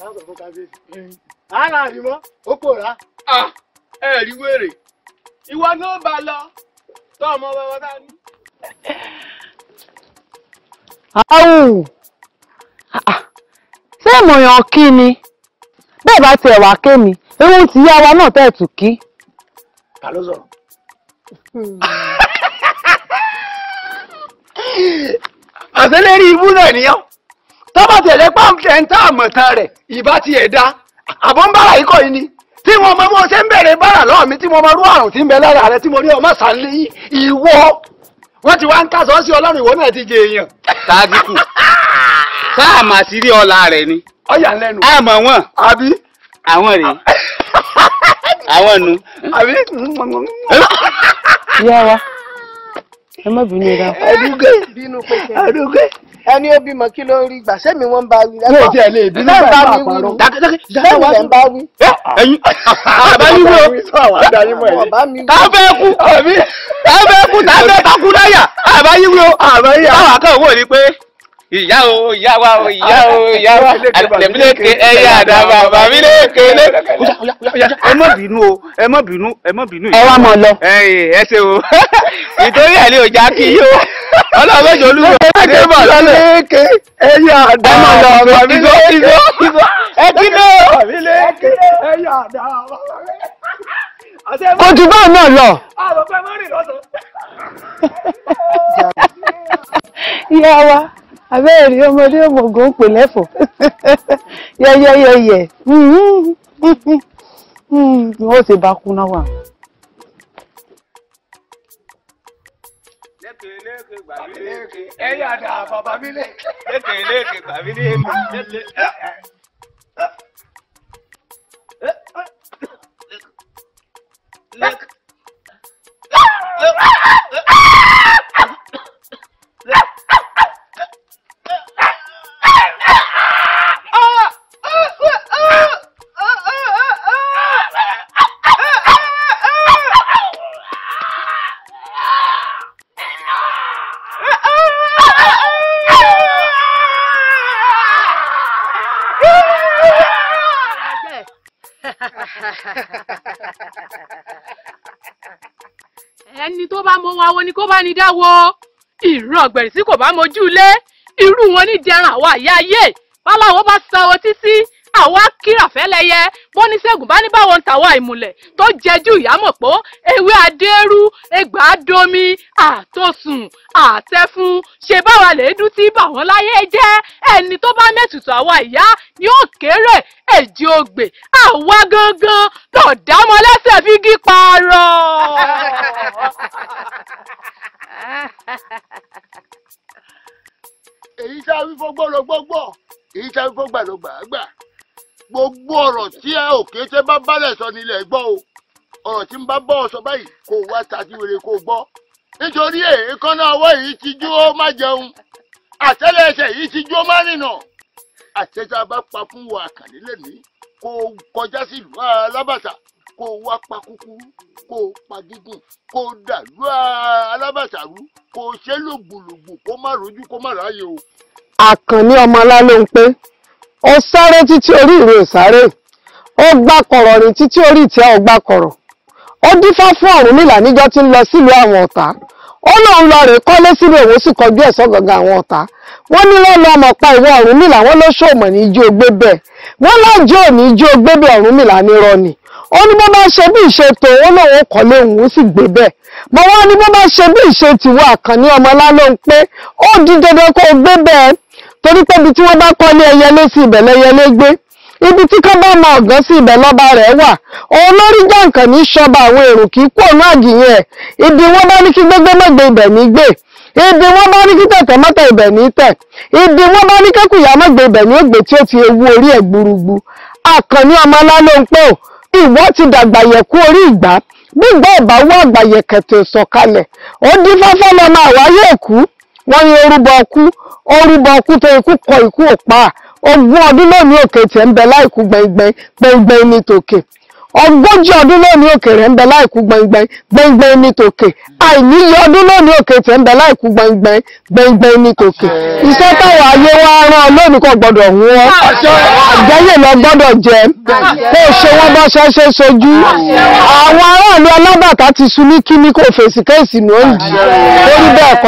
láwọn fún kábíyèsí. ara àrímọ́ ó pòórá. ẹ rí wèrè ìwọ ni ó bá lọ tó ọmọ bàbá bá ní. àwù ah, ah. ṣé ìmọ̀yàn kí ni bẹ́ẹ̀ bá tiẹ̀ wá ké mi ewu ti yá wa náà tẹ̀ tù kí. ta ló sọ̀rọ̀. Hmm. <laughs> àṣẹ lè rí ibú náà nìyẹn tọ́ba ti ẹ̀jẹ̀ pàm tẹ̀ ń tá àmọ̀tán rẹ̀ ìbá ti ẹ̀ dá àbọ̀ ń bára yìí kọ́ yìí ni tí mo mọ bó ṣe ń bẹ̀rẹ̀ bára lọ́wọ́ mi tí mo mọ rú àrùn tí ń bẹ lára rẹ tí mo rí ọmọ sàlẹ̀ ìwọ wọ́n ti wá ń kásọ̀ sí ọlọ́run ìwọ náà ti jẹ èèyàn. sáàdìkù sáà <laughs> mà sí rí ọlá rẹ ni. ọyà lẹnu. a mọ̀ wọ́n. àbí. àwọn rèé <laughs> àwọn nu. àbí. yára ẹ má bínú ẹ àdúgbò àdúgbò ẹni ó bímọ kí ló rí gbà sẹ́mi wọ́n ń bá wí. yóò tiẹ̀ lè bínú bá ìmọ̀ àpàrọ̀. sẹ́mi lẹ̀ ń bá wí. ẹ̀yin àbá yín wo táfẹ́ kú táfẹ́ kú táfẹ́ takú náyà àbá yín wo táwa kan wò ni pé ìyá o ìyá wa o ìyá o ìyá wa àtẹ̀mílẹ̀kẹ̀ ẹ̀yà àdàbà bàmílẹ̀kẹ̀ lé. ẹ má bínú o ẹ má bínú ẹ má bínú. ẹ wá mọ lọ. ẹ ṣe o nítorí àlè òjá kí yó ọlọ́mọdé olúwo adé mọ̀ lọ́lẹ̀. bàmílẹ̀kẹ̀ ẹ̀yà àdàbà bàmílẹ̀kẹ̀ ẹ kí ló. bàmílẹ̀kẹ̀ ẹ̀yà àdàbà kò jù báà náà lọ. ìyá wa abẹ́rẹ́ rí ọmọdé òmògùn ń pè lẹ́fọ̀ yẹ́yẹ́yẹ́yẹ́ ó ṣe bá kúná wà. ẹ̀yà dà bàbá mi lè. lẹ́kẹ̀ lẹ́kẹ̀ bàbí lè mú lẹ́lẹ́. Look. Look. Look. aláwo ni kó bá ní dáwọ́ ìran ọ̀gbẹ̀rì tí kò bá mojú lé irú wọn ní jẹran àwọn àyà ayé báláwo bá sa ọtí sí àwọn akíra fẹ́lẹ́yẹ bọ́níṣègùn bá ní báwọn ń tàwọn àìmùlẹ̀ tó jẹjú ìyámọ̀pọ̀ ewé adéèrú ẹgbàá domi àtòsùn àtẹfún ṣe báwa lèédú tí bà wọ́n láyé jẹ́ ẹni tó bá mẹ́tùtù àwa ìyá ni ó kéré èjì ogbè àwa gangan lọ̀dámọ́ lẹ́sẹ̀ fi gí parọ́. èyí tá a fi fọgbọ́ lọ gbọ́gbọ́ èyí tá a fi fọgbà lọ gbàgbà gbogbo ọ̀rọ̀ tí ẹ òkè tẹ bá bálẹ̀ sọ nílẹ̀ gbọ́ o ọ̀rọ̀ tí ń bá bọ́ ọ̀sọ́ báyìí kò wá tàbí wèrè kò gbọ́ nítorí èékánná ọwọ́ yìí ti jú ó má jẹun àtẹ́lẹsẹ̀ yìí ti jú ó má rìnà àtẹ́tà bá pa fún wa àkànní lẹ́ni kò kọjá sí ìlú alábàtà kò wá pa kúkúrú kò pa gígùn kò dàlú alábàtà rú kò ṣe lògbòlògbò kó má rojú kó má ráyè o. àkànní ọmọlá ló ń pé ó sáré títí orí ìrè sáré ó gbà kọ̀rọ̀ rìn títí orí ìtẹ́ ọ̀gbà kọ̀rọ̀ ó dífá fún Ọ̀rúnmìlà níjọ́ tí ń lọ sílùú àwọn ọ̀tá ó lóun lọ rè kọ́lé sílùú èwo sì kọjú ẹ̀sọ́ gangan àwọn ọ̀tá wọ́n ní wọ́n lọ mọ̀ pa ìwọ Ọ̀rúnmìlà wọ́n ló ṣòmọ̀ ní ijó gbébẹ̀ wọ́n lájọ́ ní ijó gbébẹ̀ ní rọ́ọ̀nì ó bá ṣe bí ìṣe tó ó lóun gbé bẹ́ẹ̀ mo wá bá ṣe bí Àkànní ibi tí kábàámà ọ̀gán sí ọ lọ́ba rẹ̀ wà òun lórí jàǹkàn ní ṣọba àwọn èrò kì í kú òun ibi wọ́n bá ní kí gbégbé mọ̀gbé ibẹ̀ ní gbé ibi wọ́n bá ní kí tẹ̀tẹ̀ mọ́tẹ̀ ibẹ̀ ní tẹ̀ ibi wọ́n bá ní kẹ́kùyà mọ̀gbé ibẹ̀ ní tí ti ewu orí ẹ̀ gbúrúgbú àkànní ọmọ alálòǹpẹ̀ ò ìwọ́ ti dàgbà yẹ̀kú orí ìgbà ori igba àgbàyẹ̀ ó dín lọ́mọ àwáyé èkú wọ́n yin orúbọ ọkú orúbọ ọkú tó ikú kọ ikú òpá ogún ọdún lónìí òkè tẹ̀ ń bẹ láìkú gbẹ̀ngbẹ̀ng gbẹ̀ngbẹ̀ng ní tòkè ogójì ọdún lónìí òkè rẹ̀ ń bẹ láìkú gbẹ̀ngbẹ̀ng gbẹ̀ngbẹ̀ng ní tòkè àìníye ọdún lónìí òkè tẹ̀ ń bẹ láìkú gbẹ̀ngbẹ̀ng gbẹ̀ngbẹ̀ng ní tòkè iṣẹ́ táwọn ayé wa rán lónìí kò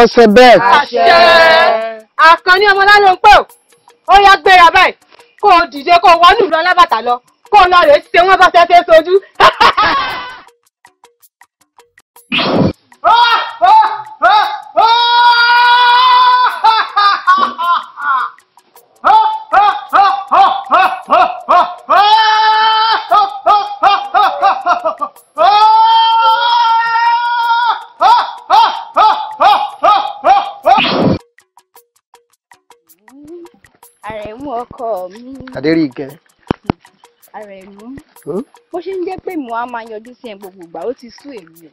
o ṣe bá àwọn aráàlú ó yá gbéra báyìí kó o dìde kó o wọnú ìlú alábàtà lọ kó o lọ rèé ṣe wọ́n bá fẹ́ fẹ́ sojú. Ha <laughs> ha ha ha ha ha! ọkọ mi. adéríkẹ. Àrẹ̀mú hmm? bó ṣe ń jẹ́ pé mo á máa yọjú sí ẹ gbogbo ìgbà ó ti sú èmi o.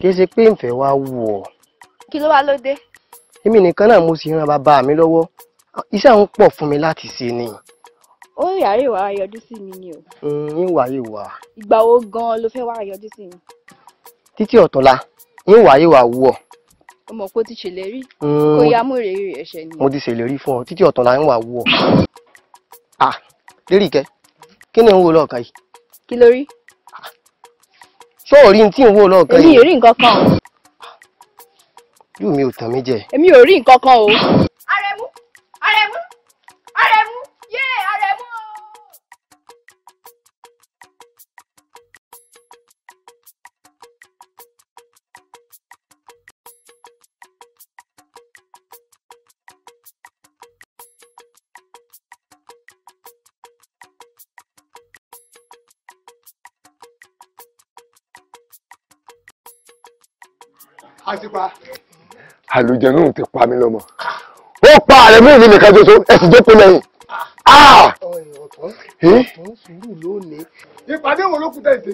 kì í ṣe pé ń fẹ́ wá wù ọ́. kí ló wá ló dé. èmi nìkan náà mo sì ran bàbá mi lọ́wọ́ iṣẹ́ àwọn pọ̀ fún mi láti ṣe ni. ó ń yàrá ìwà yọjú sí mi ni o. ń hmm, wà ìwà. ìgbà wo gan-an ló fẹ́ wá yọjú sí mi. títí ọ̀tọ̀la ń wà ìwà wù ọ́ o mọ̀ pé o ti ṣèlérí kó yá mú ìrírí rẹ̀ ṣẹ ni. mo ti ṣèlérí fún ọ títí ọ̀tàn la ń wà wú ọ. ah lérí kẹ kí ni ń wo lọ́ọ̀kan yìí. kí ló rí. Ah, ṣé ò rí n tí ń wo lọ́ọ̀kan yìí. èmi ò rí nǹkan kan ah, yóò mi ò tàn mí jẹ. èmi ò rí nǹkan kan o. àlùjẹnú ti pa mí lọ́mọ ó pa ààrẹ mú mi nìkan ṣoṣo ẹ sì jókòó lẹ́yìn. Ah! ọ̀tún sùúrù lónìí. ìpàdé wo ló kú tẹ̀ ṣe.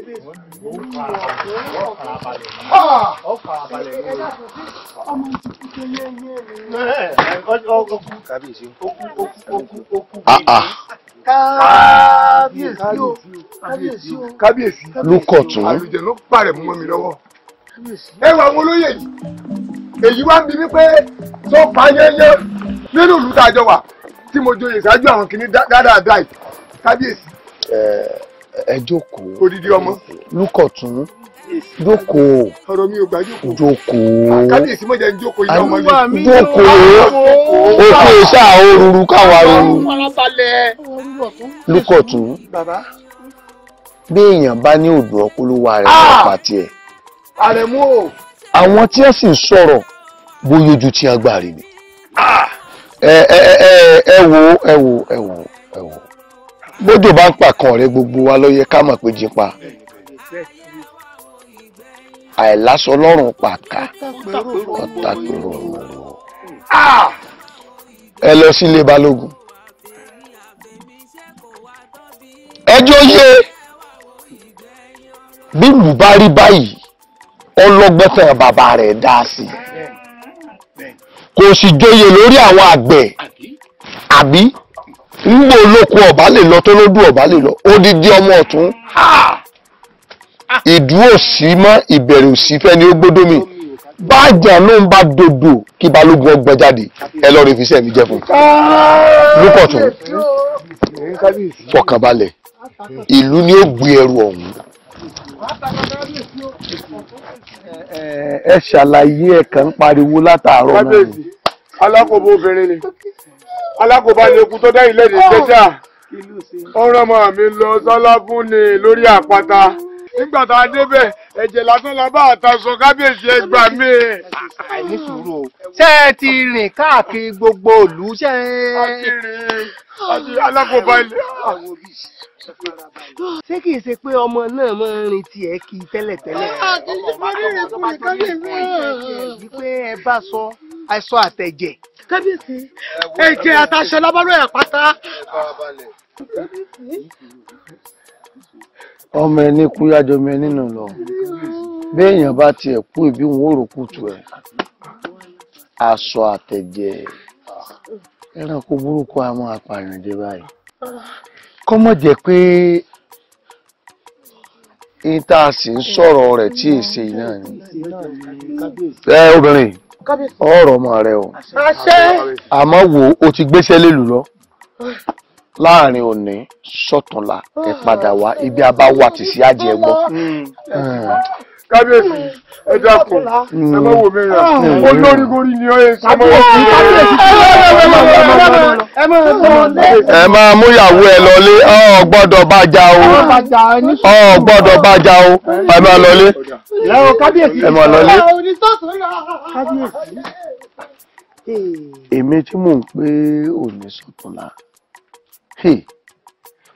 kábíyèsí kábíyèsí kábíyèsí lukọtun àlùjẹ ló pàrẹ mú mi lọ́wọ́ ẹ wà àwọn olóyè yìí èyí wá ń bi mí pé tó pa yẹ́yẹ́ nínú ìlú tá a jọ wà tí mo joyè ṣáájú àwọn kìíní dáadáa kábíyèsí. ẹ jókòó odidi ọmọ. lúkọ̀ tún jókòó. ọ̀rọ̀ mi ò gbà jókòó. jókòó. Ah, kábíyèsí mo jẹ́ ń jókòó ìyá ọmọ yìí. Ah, jókòó òkè ṣáà òrùrù káwa òrùrù. lúkọ̀ tún. bí èèyàn bá ní odò ọpọlọ wa rẹ̀ ah! lọ́pàá àrẹ̀mú o. àwọn tí ẹ sì ń sọ̀rọ̀ bóyá ojú tí àgbà rí ni. Ah! ẹ ẹ ẹ wo ẹ wo ẹ wo ẹ wo bójú bá ń pa kan rẹ gbogbo wa ló yẹ ká mọ̀ pé jí pa àìlásọ lọ́rùn pàkà ọ̀tá pèrò ọ̀rọ̀ ah! ẹ lọ sílé balógun ẹjọ́ yé bí lù bá rí báyìí ọlọ́gbọ́n tẹ̀yàn bàbá rẹ̀ dá sí i kò sì joyè lórí àwọn àgbẹ̀ àbí nígbà olóko ọ̀bá lè lọ tó lódù ọ̀bá lè lọ odidi ọmọ ọ̀tún ìdúró sí mọ́ ìbẹ̀rù sí fẹ́ni ó gbódó mi bájà ló ń bá dodo kí balógun ọgbọ́n jáde ẹ lọ́ọ́ rí fi sẹ́mi jẹ́ fún un lókọ̀ tún fọkànbalẹ̀ ìlú ni ó gbé ẹrù ọ̀hún ẹ ṣàlàyé ẹ kàn ń pariwo látàárọ̀ náà. kábíyèsí alákòóbó obìnrin ni alákòóbá ni okùn tó dẹ́yìn lẹ́yìn ìgbésà ó rán ọmọ mi lọ sọ́lá fún ni lórí àpáta nígbà tá a débẹ̀ ẹ̀jẹ̀ lásán la bá àtàṣọ kábíyèsí ẹgbà mi. àìní sùúrù o. ṣé ẹ ti rìn káàkiri gbogbo ìlú ṣe. a ti rìn àti alákòóbá ilé. ṣé kì í ṣe pé ọmọ náà máa ń rin tiẹ̀ kí tẹ́lẹ̀tẹ́lẹ̀. wípé ẹ bá sọ àìsọ àtẹ̀jẹ̀. kábíyèsí ẹ̀jẹ̀ àtàṣọ lábárò ẹ̀ pátá. kábíyèsí ọmọ ẹni kú yájọ ọmọ ẹni nà lọ béèyàn bá tiẹ̀ kú ìbí wọn ò rò kùtù ẹ̀ aṣọ àtẹ̀jẹ̀ ẹranko burúkú a máa pààyàn jẹ báyìí kọ́mọ̀ jẹ́ pé ní tá a sì ń sọ̀rọ̀ rẹ̀ tí èsè náà ni ẹ obìnrin ọ̀rọ̀ ọmọ rẹ o àmọ́ wo o ti gbéṣẹ́ lélu lọ láàrin òní sọ̀túnla ẹ padà wá ibi abáwá ti sí àjẹ gbọ́. kábíyèsí ẹ dákun ẹ má wò mí rà olórí gorí ni ọ yẹ sọ mọ. ẹ máa múyàwó ẹ lọlé ọ gbọ́dọ̀ o ọ gbọ́dọ̀ o ẹ máa lọlé ẹ máa lọlé. èmi tí mò ń pé òní sọ̀túnla. Hmm.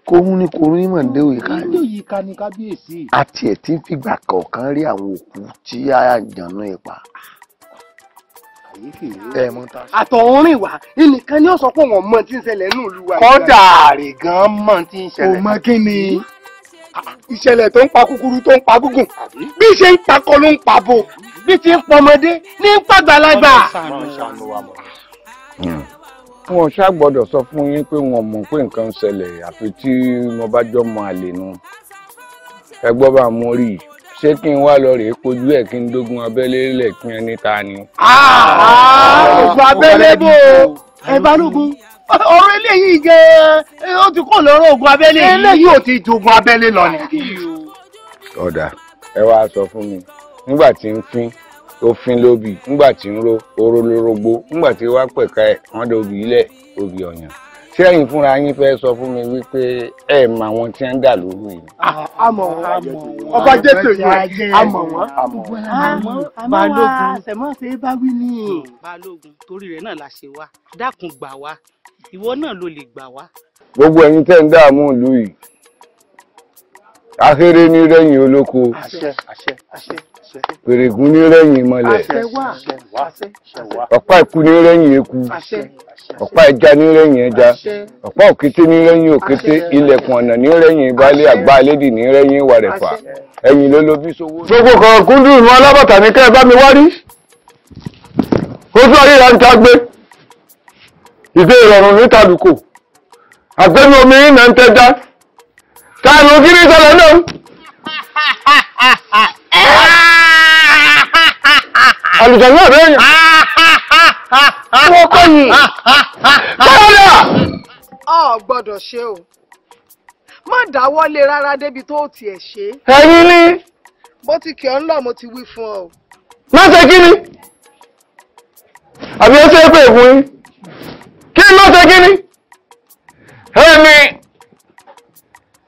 kóhun ní korun ní mọ̀ndé òyìká ni. òyìká ni kábíyèsí. àti ẹ̀ tí ń fìgbà kọ̀ọ̀kan rí àwọn òkú tí àjànú ipa. àtọ̀húnrìn wa ẹnìkan ni ó sọ pé wọ́n mọ tí ń ṣẹlẹ̀ ní ìlú wa. kọ́dà rè gan mọ tí ń ṣẹlẹ̀. kò mọ kí ni hmm. ìṣẹ̀lẹ̀ tó ń pa kúkúrú tó ń pa gúngùn bí ṣe ń pa kọ́ ló ń pa bo hmm. bí ti ń pọmọdé ní pàgbàlagbà. ọlọ́run ṣàánú wa mọ̀ wọn ṣáà gbọ́dọ̀ sọ fún yín pé wọn mọ̀ pé nǹkan ń ṣẹlẹ̀ àfi tí mo bá jọ mọ àlè nu ẹ gbọ́ bá mo rí i ṣé kí n wá lọ rèé kojú ẹ̀ kí n dógún abẹ́lé lẹ̀ kí n ní ta ni. Ah, ọ̀pọ̀ abẹ́lé bò ẹ balógun ọ̀rọ̀ eléyìí jẹ́ ó ti kó lọ́rọ̀ ogun abẹ́lé yìí eléyìí ò ti ju ogun abẹ́lé lọ ni. ọ̀dà ẹ wá sọ fún mi nígbà tí ń fín òfin lobi ńgbà tí ń ro oró lórógbó ńgbà tí wàá pẹ̀ka ẹ̀ wọ́n dé obì ilẹ̀ obì ọ̀yàn ṣé ẹ̀yin fúnra yín fẹ́ sọ fún mi wípé ẹ ma wọn tí ń dà lóru yìí. àmọ́ ah, wọn ọba jésù wọn. àmọ́ balógun sẹmọ ṣe é bá wí balógun la ṣe wá dákun gbà wá ìwọ náà ló lè gbà wá. gbogbo tẹ́ ń ìlú yìí ahéré ní rẹ́yìn olóko pèrègùn ní rẹ́yìn ìmọ̀lẹ̀ ọ̀pá ikú ní rẹ́yìn eku ọ̀pá ẹja ní rẹ́yìn ẹja ọ̀pá òkété ní rẹ́yìn òkété ilẹ̀kùn ọ̀nà ní rẹ́yìn ìbálẹ̀ àgbá alédì ní rẹ́yìn ìwàrẹ̀fà ẹ̀yìn ló lóbi sówó. gbogbo kan kúndùn ìmọ̀ alábàtà ní kẹ́ ẹ bá mi wá rí ojú ayé ra ń ta gbé ìdè ìrọ̀rùn níta lùkò àgbẹ̀nu omi ìnà ń tẹ́já kàánù kí ni sọlọ náà. àlùjọ̀nù ọ̀rẹ́ yẹn. wọ́n kọ́ yìí. kọ́lá. o gbọ́dọ̀ ṣe o má dáwọ́lé rárá débi tó tiẹ̀ ṣe. ẹ̀yin ni. bó ti kì ọ́ ń lọ mo ti wí fún ọ. má ṣe kí ni àbí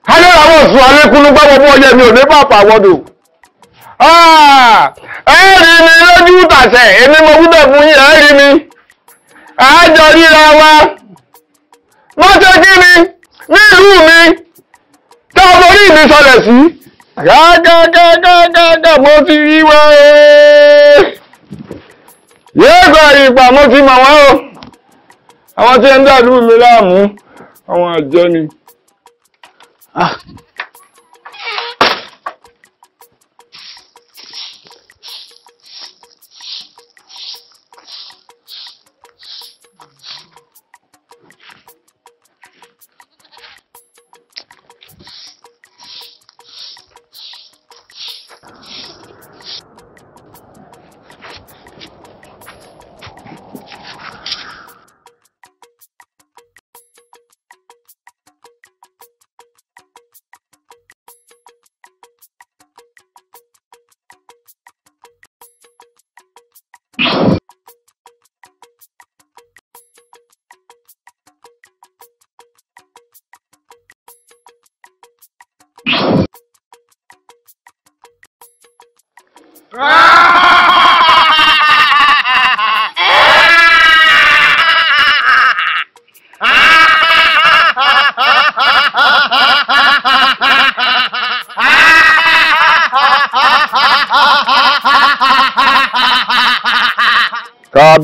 Hello, alẹ́ àwọn oṣù alékúnú gbọ́gbọ́ bọ́ yẹ mi ò ní pàpà wọ́dọ̀ ah, ẹ̀rí mi lójú tàṣẹ èmi mo here. fún yín ẹ̀rí mi àájọ ríra wa mọ́tẹ́ kí ni nílùú mi tẹ́ ọmọ orí mi sọlẹ̀ sí gágágágágá mo ti rí wa yéèkọ̀ ìgbà mo I'm mọ̀ wọ́n o àwọn tí ẹ ń dàlú mi láàmú àwọn àjọ ni. 啊！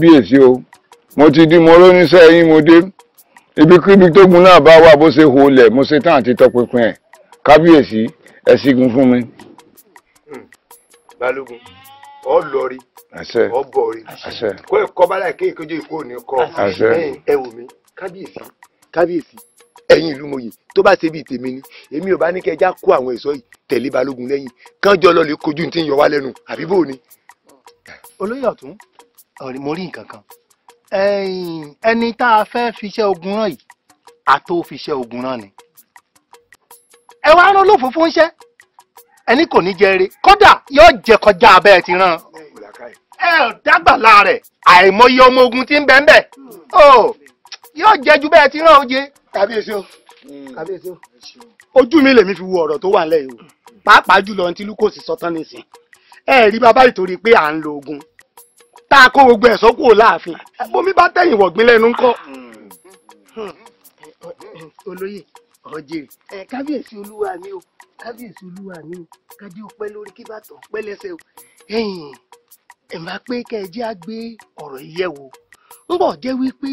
kábíyèsí o mo ti di mo róníṣẹ́ yín mo dé ibikíbi tógun náà bá wà bó ṣe holẹ̀ mo ṣe tán àti tọpinpin ẹ̀ kábíyèsí ẹ sígun fún mi. Hmm. balógun ọ lọ rí ọ bọ rí kó ẹ kọ bára kí èkejì ìkó ní kọ ẹ wò mí kábíyèsí kábíyèsí ẹ̀yin ìlú mòye tó bá ṣe bíi tèmi ni èmi ò bá ní kẹjá kó àwọn ẹ̀ṣọ́ yìí tẹ̀lé balógun lẹ́yìn kánjọ lọ lè kojú tí ń yọ wá lẹ́nu àbí bò ni. olóyè ọ̀tún mo rí nǹkan kan ẹni tá a fẹ́ fiṣẹ́ ogun rán yìí àtó fiṣẹ́ ogun rán ni ẹ wá rán olófòófó ń ṣẹ́ ẹni kò ní jẹrè kódà yóò jẹ kọjá abẹ́ ẹ ti rán ẹ dágbàlá rẹ̀ àìmọye ọmọ ogun tí ń bẹ ń bẹ yóò jẹ ju bẹ́ẹ̀ ti rán oje. kábíyèsí o hmm. kábíyèsí o ojú mi lèmi fi wo ọ̀rọ̀ tó wà lẹ́yìn o pàápàá jùlọ ntí lukosi sọ tán nísìn ẹ rí bàbá ìtorí pé à ń lo ogun tá a kó gbogbo ẹ̀sọ́ kúrò láàfin bomi bá tẹ̀yìn wọ̀gbìn lẹ́nu ńkọ́. olóyè ọ̀jẹ̀ kábíyèsí olúwa mi o kábíyèsí olúwa mi o kájí ó pẹ́ lórí kí bàtọ̀ pẹ́ lẹ́sẹ̀ o ẹ̀ máa pé kẹ́ ẹ jẹ́ á gbé ọ̀rọ̀ yẹ̀ wò ń bọ̀ jẹ́ wípé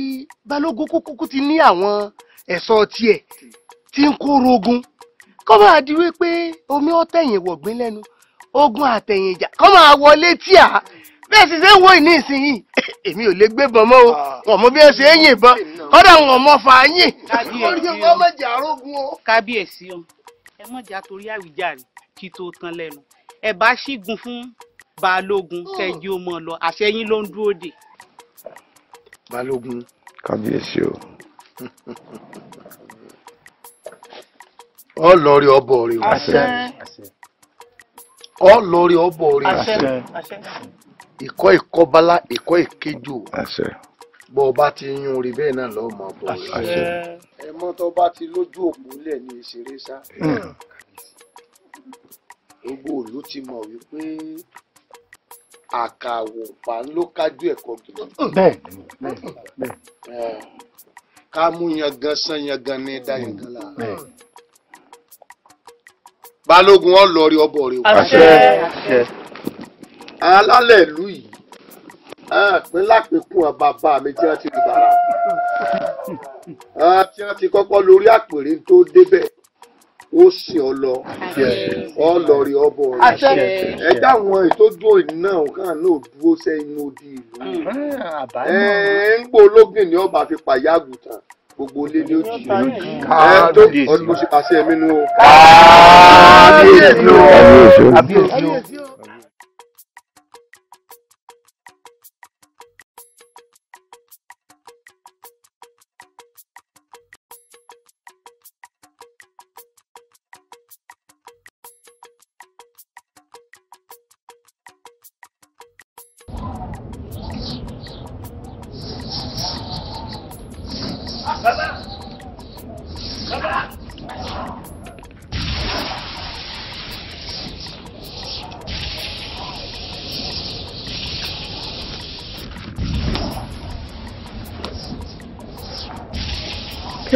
balógun kúkúkú ti ní àwọn ẹ̀sọ́ tiẹ̀ tí ń kóró ogun kọ́ máa di wípé omi ọ̀tẹ̀yìn wọ̀gbìn lẹ́nu ogun àtẹ̀yìnjà kọ́ máa wọlé tíà bẹ́ẹ̀ sì ṣe ń wo ìní ìsinyìí èmi ò lè gbébọn mọ́ o ah. wọn mọ bí ẹ ṣe ń yìnbọn kọ́dà wọn mọ fàáyìn. kábíyèsí o ẹ mọ̀jà torí àwíjàre kí tó tán lẹ́nu ẹ bá ṣígun fún balógun oh. kẹjí ó mọ lọ àṣẹyìn ló ń dúró dè. balógun. kábíyèsí o. ọ lọ rí ọbọ rí o. ọ lọ rí ọbọ rí o ìkọ́ ìkọ́bálá ìkọ́ ìkejò bọ́ ọba ti yún orí bẹ́ẹ̀ náà lọ́ọ́ máa bọ̀ ọ́ ẹ mọ́ tó bá ti lójú òpó lẹ̀ ní ìṣeré sá hmm. gbogbo òlú ti mọ̀ wípé àkàwò pa ló kájú ẹ̀kọ́ gidi. bẹ́ẹ̀ni bẹ́ẹ̀ni. ká mú yangan sán yangan ní dá yangan la. balógun ọ ọbọ rẹ o alálẹ̀ ìlú yìí pín lápẹ̀kún bàbá mi tí wọ́n ti lù bàrà tí wọ́n ti kọ́kọ́ lórí àpèrè tó débẹ̀ ó sì ọ lọ ọ lọ rí ọbọ rẹ ẹjá àwọn ìtọ́jú náà kàn náà dúró sẹ́yìn odi ìlú ẹ ń gbó ológun ni ọba fi pàyà àgùntàn gbogbo ilé ni ó jì ẹ tó ọdún mo ṣe pàṣẹ mi nù o. káàbíyèsí o káàbíyèsí o.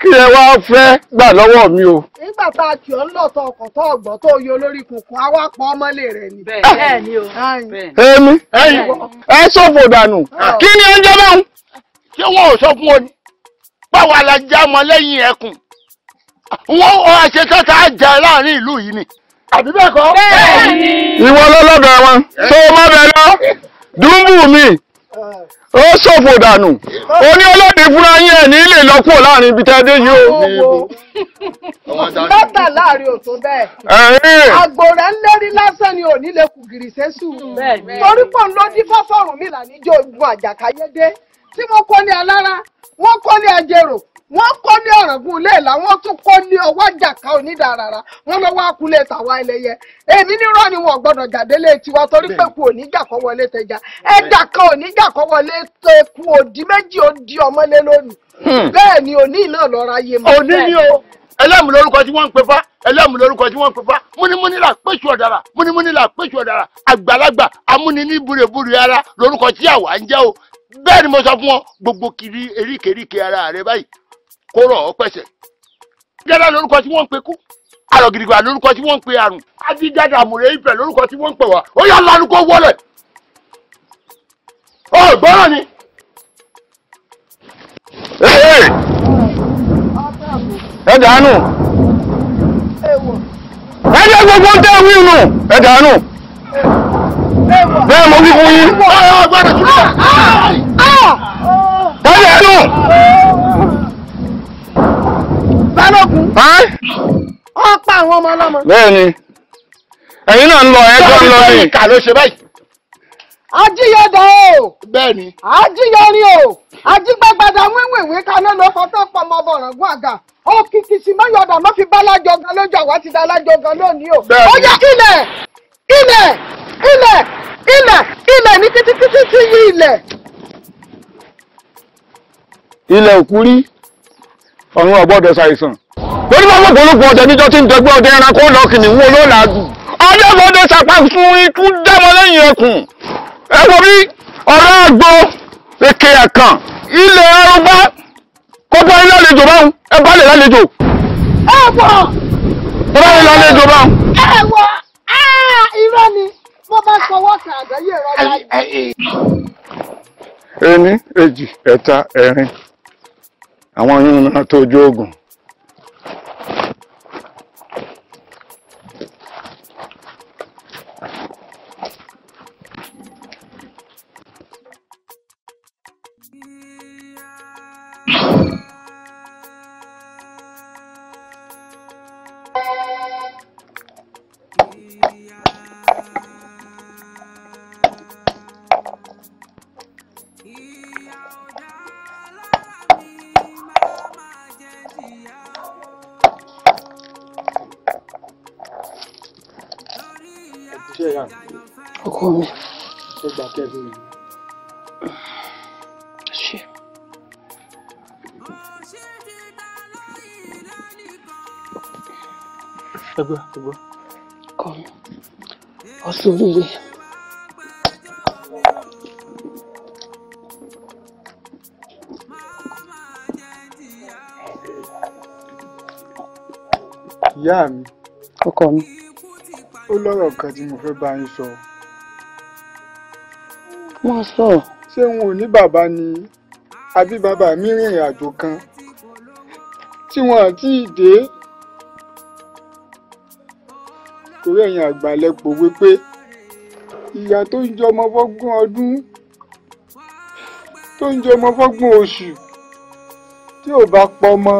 kí ẹ wá fẹ́ gbà lọ́wọ́ mi o. nígbà tá a kì ọ́ ń lọ tọ tó ọgbọ́n tó yọ olórí kunkun àwa pọ̀ ọmọlé rẹ̀ ni. bẹ́ẹ̀ ni o. Ah, èmi ẹ ṣòfò dànù ah. kí ni ẹjọ́ náà. ṣé wọn ò sọ fún ọ ni báwa la já ọmọ lẹ́yìn ẹkùn wọn ò àṣetán tá a jẹ láàrin ìlú yìí ni. àbí bẹ́ẹ̀ kọ́. bẹ́ẹ̀ ni. ìwọ lọ́lọ́dọ̀ wọn ṣé o bẹ lọ dùnbù mi ó ṣòfò dànù ó ah. ní ọlọ́dẹ fúnra yín ẹ̀ ní lè lọ kúrò láàrin ibi tẹ́ dé yìí o. lọ́tà láàrin òtó bẹ́ẹ̀ àgbò rẹ̀ ń lérí lásán ni òní lè kù gìrì sẹ́sù torí pọ̀ ń lọ fọ́fọ́rùn mi là níjọ́ ogun àjàkáyédé tí wọ́n kọ́ ní alára wọ́n kọ́ ní ajérò wọ́n kọ́ ní ọ̀ràngún ilé ìlà wọ́n tún kọ́ ní ọwọ́ àjàká onídàárara wọ́n lọ́wọ́ akulẹ̀ tàwa ẹlẹ́yẹ èmi nírọ́ ni wọn gbọ́dọ̀ jàdélé tiwa torí pé kú oníjà kọ́ wọlé tẹja ẹ̀dà kan oníjà kọ́ wọlé tẹ kú òdì méjì òdì ọmọlé lónìí hmm. bẹ́ẹ̀ ni òní náà lọ́ra yé mọ́ òní ni o ẹlẹ́mu lórúkọ tí wọ́n ń pe fá ẹlẹ́mu lórúkọ tí wọ́n ń pe fá múnimúni la péṣù ọ̀dàrà múnimúni là péṣù ọ̀dàrà àgbàlagbà amúniní búrebúre ara lórúkọ tí àwa ń jẹ́ o bẹ́ẹ̀ ni mo sọ fún ọ gbogbo kiri eríkèéríkèé ara rẹ báyìí kó rọ̀ ọ́ pẹ̀sẹ̀ gẹ́gẹ́ lórúkọ tí wọ́n ń pe kú àrògìdìgbà lórúkọ tí wọ́n ń pe àrùn ajíjáde àmùrè ibẹ̀ lórúkọ tí wọ́n ń pè wá ó yà lánàá kó wọlé ọ gbọ́rọ̀ ni. ẹ dànù ẹ jẹ́ gbogbo ń tẹ́ wíìnù ẹ dànù bẹ́ẹ̀ mo wí fún yín. tẹ́lẹ̀ ẹ̀ nù. Balógun. ọmọ Bẹ́ẹ̀ni, ẹ̀yìn náà ń lọ ẹjọ́ ń lọ ní. Ìkà ló ṣe báyìí. o. Bẹ́ẹ̀ni. Ajíyọrin o. Ajígbàgbàdà wíwìnwí kaná ló fọ́tọ́ pọ̀ mọ́ àgà. Ó kìkì sí fi bá lájọ gan o. Bẹ́ẹ̀ni. Ó ilẹ̀ ilẹ̀ ilẹ̀ ilẹ̀ ilẹ̀ ní ilẹ̀. Ilẹ̀ òkú rí. ọ̀run ọ̀gbọ́dọ̀ ṣàìsàn. lórí bá ọ̀pọ̀lọpọ̀ ọ̀dẹ níjọ́ tí ń dẹgbẹ́ ọdẹ ẹranko lọ́ọ̀kì nìwú olóòlàágùn ọdẹ ọdẹ sàpá sun ikú dámọ lẹ́yìn ẹkùn ẹ wo bí ọ̀rọ̀ àgbo èké ẹ̀kan ilẹ̀ ọgbà kópa ilé àlejò báwọn ẹ bá lè lálejò. ẹ wọ ẹ bá lè lálejò báwọn. ẹ wọ irọ́ ni mo bá sọwọ́ sí àgbáyé rẹ láì. ẹni èjì ẹ̀ta ẹ̀rin Amanhã nós tô jogo. ṣoríire. ìyá mi. ọkọ mi. ó lọ́rọ̀ kan tí mo fẹ́ bá yín sọ. wọ́n sọ. ṣé n ò ní bàbá ni àbí bàbá mi rìnrìn àjò kan tí wọn àti ìdè torí ẹ̀yin àgbà lẹ́pọ̀ wípé ìyá tó ń jẹ ọmọ ọdún tó ń jẹ ọmọ oṣù tí ò bá pọ̀ ọmọ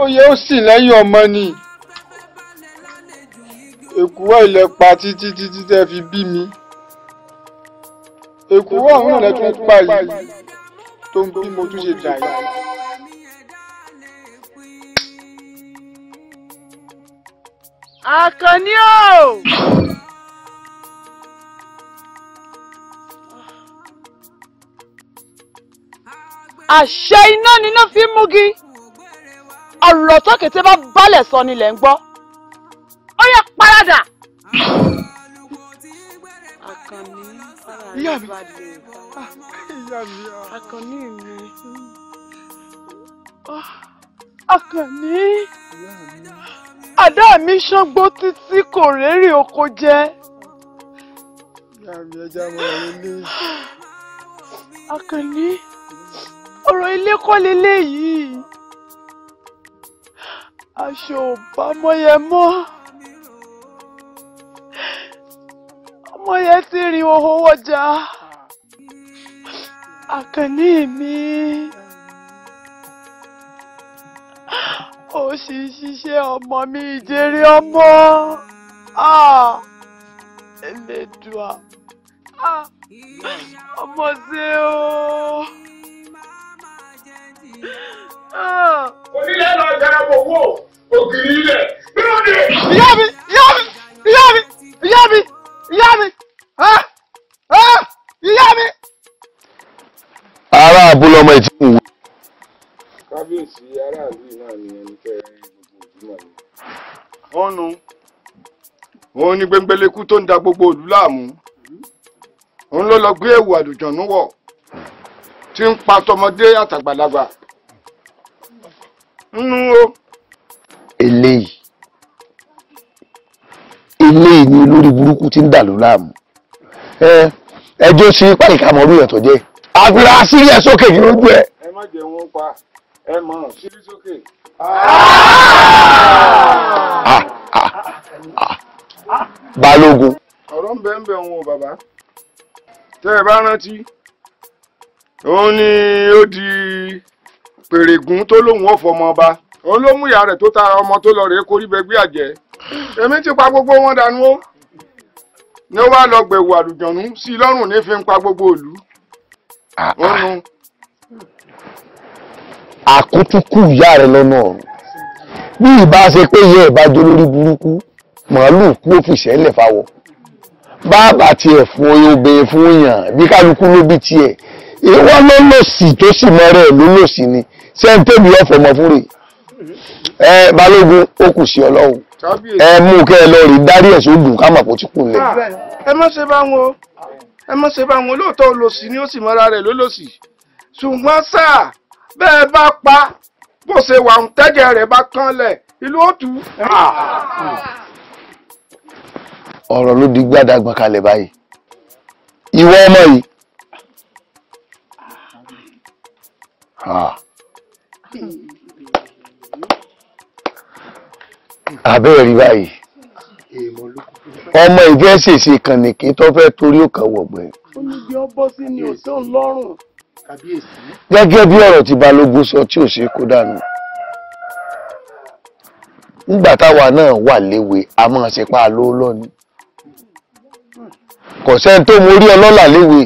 ó yẹ ó sì lẹ́yìn ọmọ ni èkúwọ́ ilẹ̀ títí títí tẹ́ fi bí mi èkúwọ́ ọ̀hún rẹ̀ tún pa yìí tó ń bí mo tún ṣe dà yìí. Àkànní o. àṣẹ iná níná fi ń múgi ọ̀rọ̀ tó kété bá balẹ̀ sọ nílẹ̀ ń gbọ́ ó yẹ paradà. àkànní ìyá mi ìyá mi àkànní àdá mi ṣángbó títí kò rérè oko jẹ. ìyá ẹja mọ̀ ọ́ ní. àkànní ọ̀rọ̀ ilé kọ́ leléyìí aṣọ ò bá mọ́yẹ mọ́ ọmọ ti rìn òhò wọjà àkànní mi ó sì ṣiṣẹ́ ọmọ mi ìjẹrí ọmọ ẹlẹ́dùá ọmọ ṣe o onílẹ̀ lọ darapọ̀ wò ògiri ilẹ̀ nínú ni. ìyá mi ìyá mi ìyá mi ìyá mi ìyá mi ìyá mi. ará abúlé ọmọ ìtí wù. kábíyèsí aráàlú náà ni ẹni tẹ gbogbo ìdúmọ̀ mi. ọ̀nù òun ni gbẹngbẹlẹ́kú tó ń da gbogbo òlú láàmú òun ló lọ gbé ẹ̀wù àlùjọ̀nú wọ̀ tí ń pa tọmọdé àtàgbàlagbà nú o. eléyìí eléyìí ni olórí burúkú ti ń dà ló láàmú ẹjọ́ sí pàríkà mọ́ lóyún ẹ̀tọ́ jẹ́ àgbèrè àṣírí ẹ̀ sókè ní ojú ẹ̀. ẹ má jẹ wọn pa ẹ mọ sírí sókè. Ah! Ah! Ah! balógun. ọ̀rọ̀ ń bẹ ń bẹ wọn o bàbá tẹ́ ẹ bá rántí òun ni ó di pèrègùn tó lóun ó fọmọ ọba òun ló mú ìyá rẹ̀ tó tara ọmọ tó lọ rèé korí bẹgbẹ àjẹ́ èmi ti pa gbogbo wọn dànù ó ní ó wá lọ gbẹ̀wò àlùjọ̀nú sí i lọ́rùn ní fi ń pa gbogbo ìlú. àkútúkù ìyá rẹ̀ lọ́nà ọ̀run bí ìbá ṣe pé iye ìbájọ lórí burúkú màálù kú òfìsẹ́ ńlẹ̀ fáwọ̀ bàbá tiẹ̀ fún oyè obìnrin fún yàn bí kálukú ló bí tiẹ̀ ìwọ ló lòsì tó sì mọ́rẹ̀ ló lòsì ni sẹ́ńtẹ́bì ọ̀fọ̀mọ̀ fún rè ẹ balógun ó kù sí ọlọ́run ẹ mú kẹ́ ẹ lọ rí dárí ẹ̀ sódù ká màpò tí kù lẹ̀. Ah, ẹ má ṣe bá wọn ẹ má ṣe bá wọn lóòótọ́ olòṣì ni ó sì mọ́ra rẹ̀ lólòṣì ṣùgbọ́n sáà bẹ́ẹ̀ bá pa bó ṣe wà ń tẹ́jẹ̀ rẹ̀ bá kánlẹ̀ ìlú òtù. Ah. ọ̀rọ̀ ló di gbàdàgbà kalẹ̀ báyìí ìwọ ọmọ yìí. Ah àbẹ́ẹ̀ rí báyìí ọmọ ìfẹ́ ṣèṣe kànìkì tó fẹ́ torí ó kàn wọ̀gbẹ́. gẹ́gẹ́ bí ọ̀rọ̀ tí balógun sọ tí ò ṣe kó dànù nígbà táwa náà wà léwe a máa ṣe pa ló lọ́ni kò sẹ́ni tó mórí ọlọ́là léwe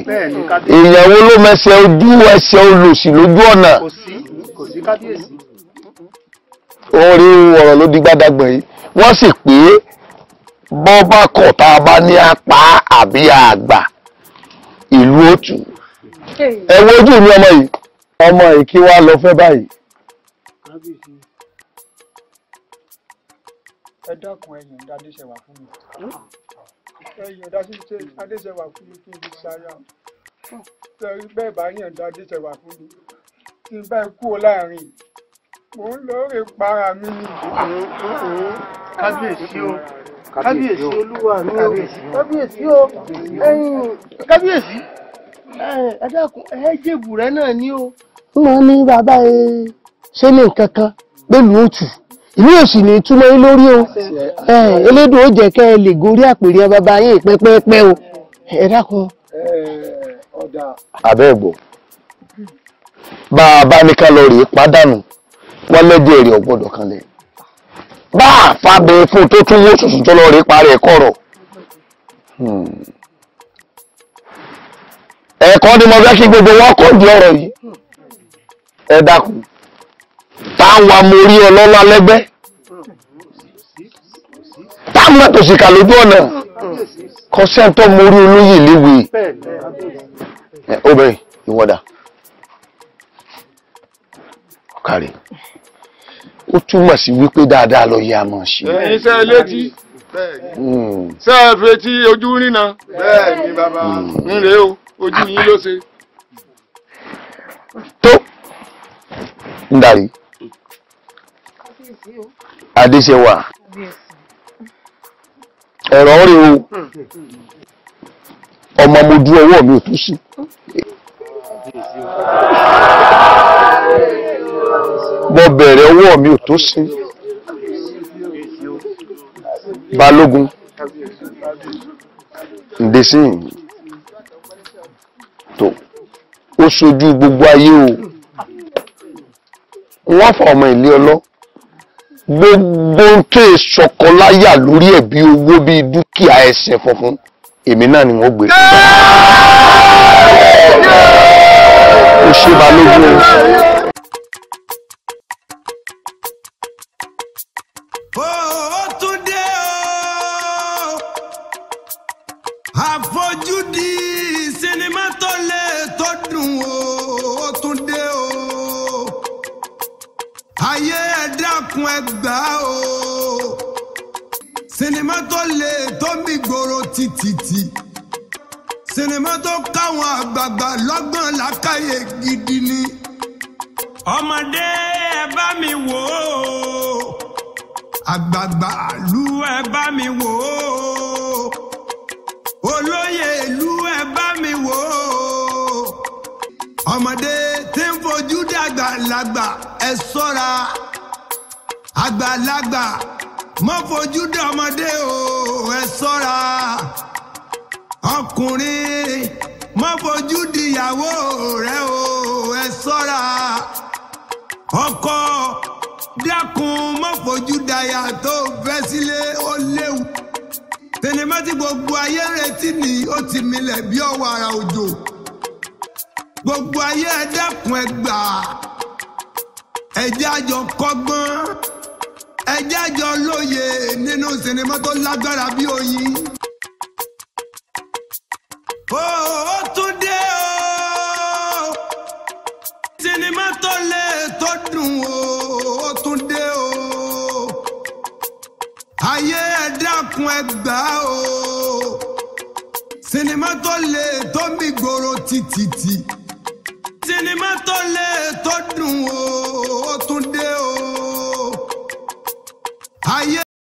èèyàn wo ló mẹsẹ̀ ojú ẹsẹ̀ olòṣì lójú ọ̀nà kò sí kábíyèsí. wọ́n rí ọ̀rọ̀ ló dígbà dàgbọ̀n yìí wọ́n sì pé bọ́ bá kọ̀ tá a bá ní apá àbí àgbà ìlú òtù ẹ wojú mi ọmọ yìí ọmọ yìí kí wàá lọ fẹ́ báyìí. ẹ dákun ẹ̀yin ń dá adéṣẹ fún mi ẹ̀yin ń dá adéṣẹ wà fún mi kí n fi ṣayá bẹ́ẹ̀ bá yẹn ń dá fún mi. tí n bá kúrò láàrin mò ń lóore para mi ni. kábíyèsí o kábíyèsí olúwa mi o kábíyèsí o kábíyèsí ẹ dákun ẹ jèbù rẹ náà ni o. mo ní bàbá ẹ ṣe ní nǹkan kan pẹ̀lú òtù ìlú òsì ní túmọ̀ yín lórí o elédùn ó jẹ́ kẹ́ ẹ lè gorí àpèrè bàbá yín pẹ́pẹ́pẹ́ o ẹ dákun. abẹ́ ba ba mi kan lo hmm. di ere ogbodo kan le ba fa be fun to tun wo susun to lo ri pare koro gbogbo won ko di oro yi e da ku ta wa mo ri olola legbe ta mo to si kaloju ona ko se to mo liwe ọ̀kàrè ó túmọ̀ sí wípé dáadáa lọ yẹ a mọ̀ ṣe. ẹ̀yin sẹ́ ẹ létí sẹ́ hmm. ẹ fetí ojú rìnà bẹ́ẹ̀ ni bàbá ń hmm. rèé o ojú yín ló ṣe. tó ń darí adéṣewà ẹ̀rọ rè o ọmọ mo dú ọwọ́ mi ò tún sí mo bẹ̀rẹ̀ ọwọ́ mi ò tó sí balógun ndesin tó ó sojú gbogbo ayé o wọ́n fa ọmọ ilé ọlọ́ gbogbo tó sọkọláyà e lórí ẹ̀ owó bí dúkìá ẹsẹ̀ funfun èmi náà ni wọ́n gbé ó ṣe balógun o. àgbà lọ́gbọ́n làákàyè gidi ni. ọmọdé ẹ bá mi wò ó. àgbààgbà ìlú ẹ bá mi wò ó. olóyè ìlú ẹ bá mi wò ó. ọmọdé tí ń fojú dàgbà làgbà ẹ sọ́ra. àgbàlagbà mọ́ fojú dé ọmọdé o ẹ sọ́ra. ọkùnrin má fojú dìyàwó rẹ o ẹ sọ́ra ọkọ dákun má fojú daya tó fẹ́ sílé ó léwu tẹnumọ́ tí gbogbo ayé retí ni ó ti milẹ̀ bí ọwọ́ ara òjò gbogbo ayé ẹ dákun ẹ gbà ẹ àjọ kọ́gbọ́n ẹ àjọ lóye nínú sinimá tó lágbára bí oyin ó tún dé o sinimá tó lè tó dùn ó tún dé o ayé ẹ dákun ẹ gbà o sinimá tó lè tó mi gbòòrò títítí sinimá tó lè tó dùn ó tún dé o ayé.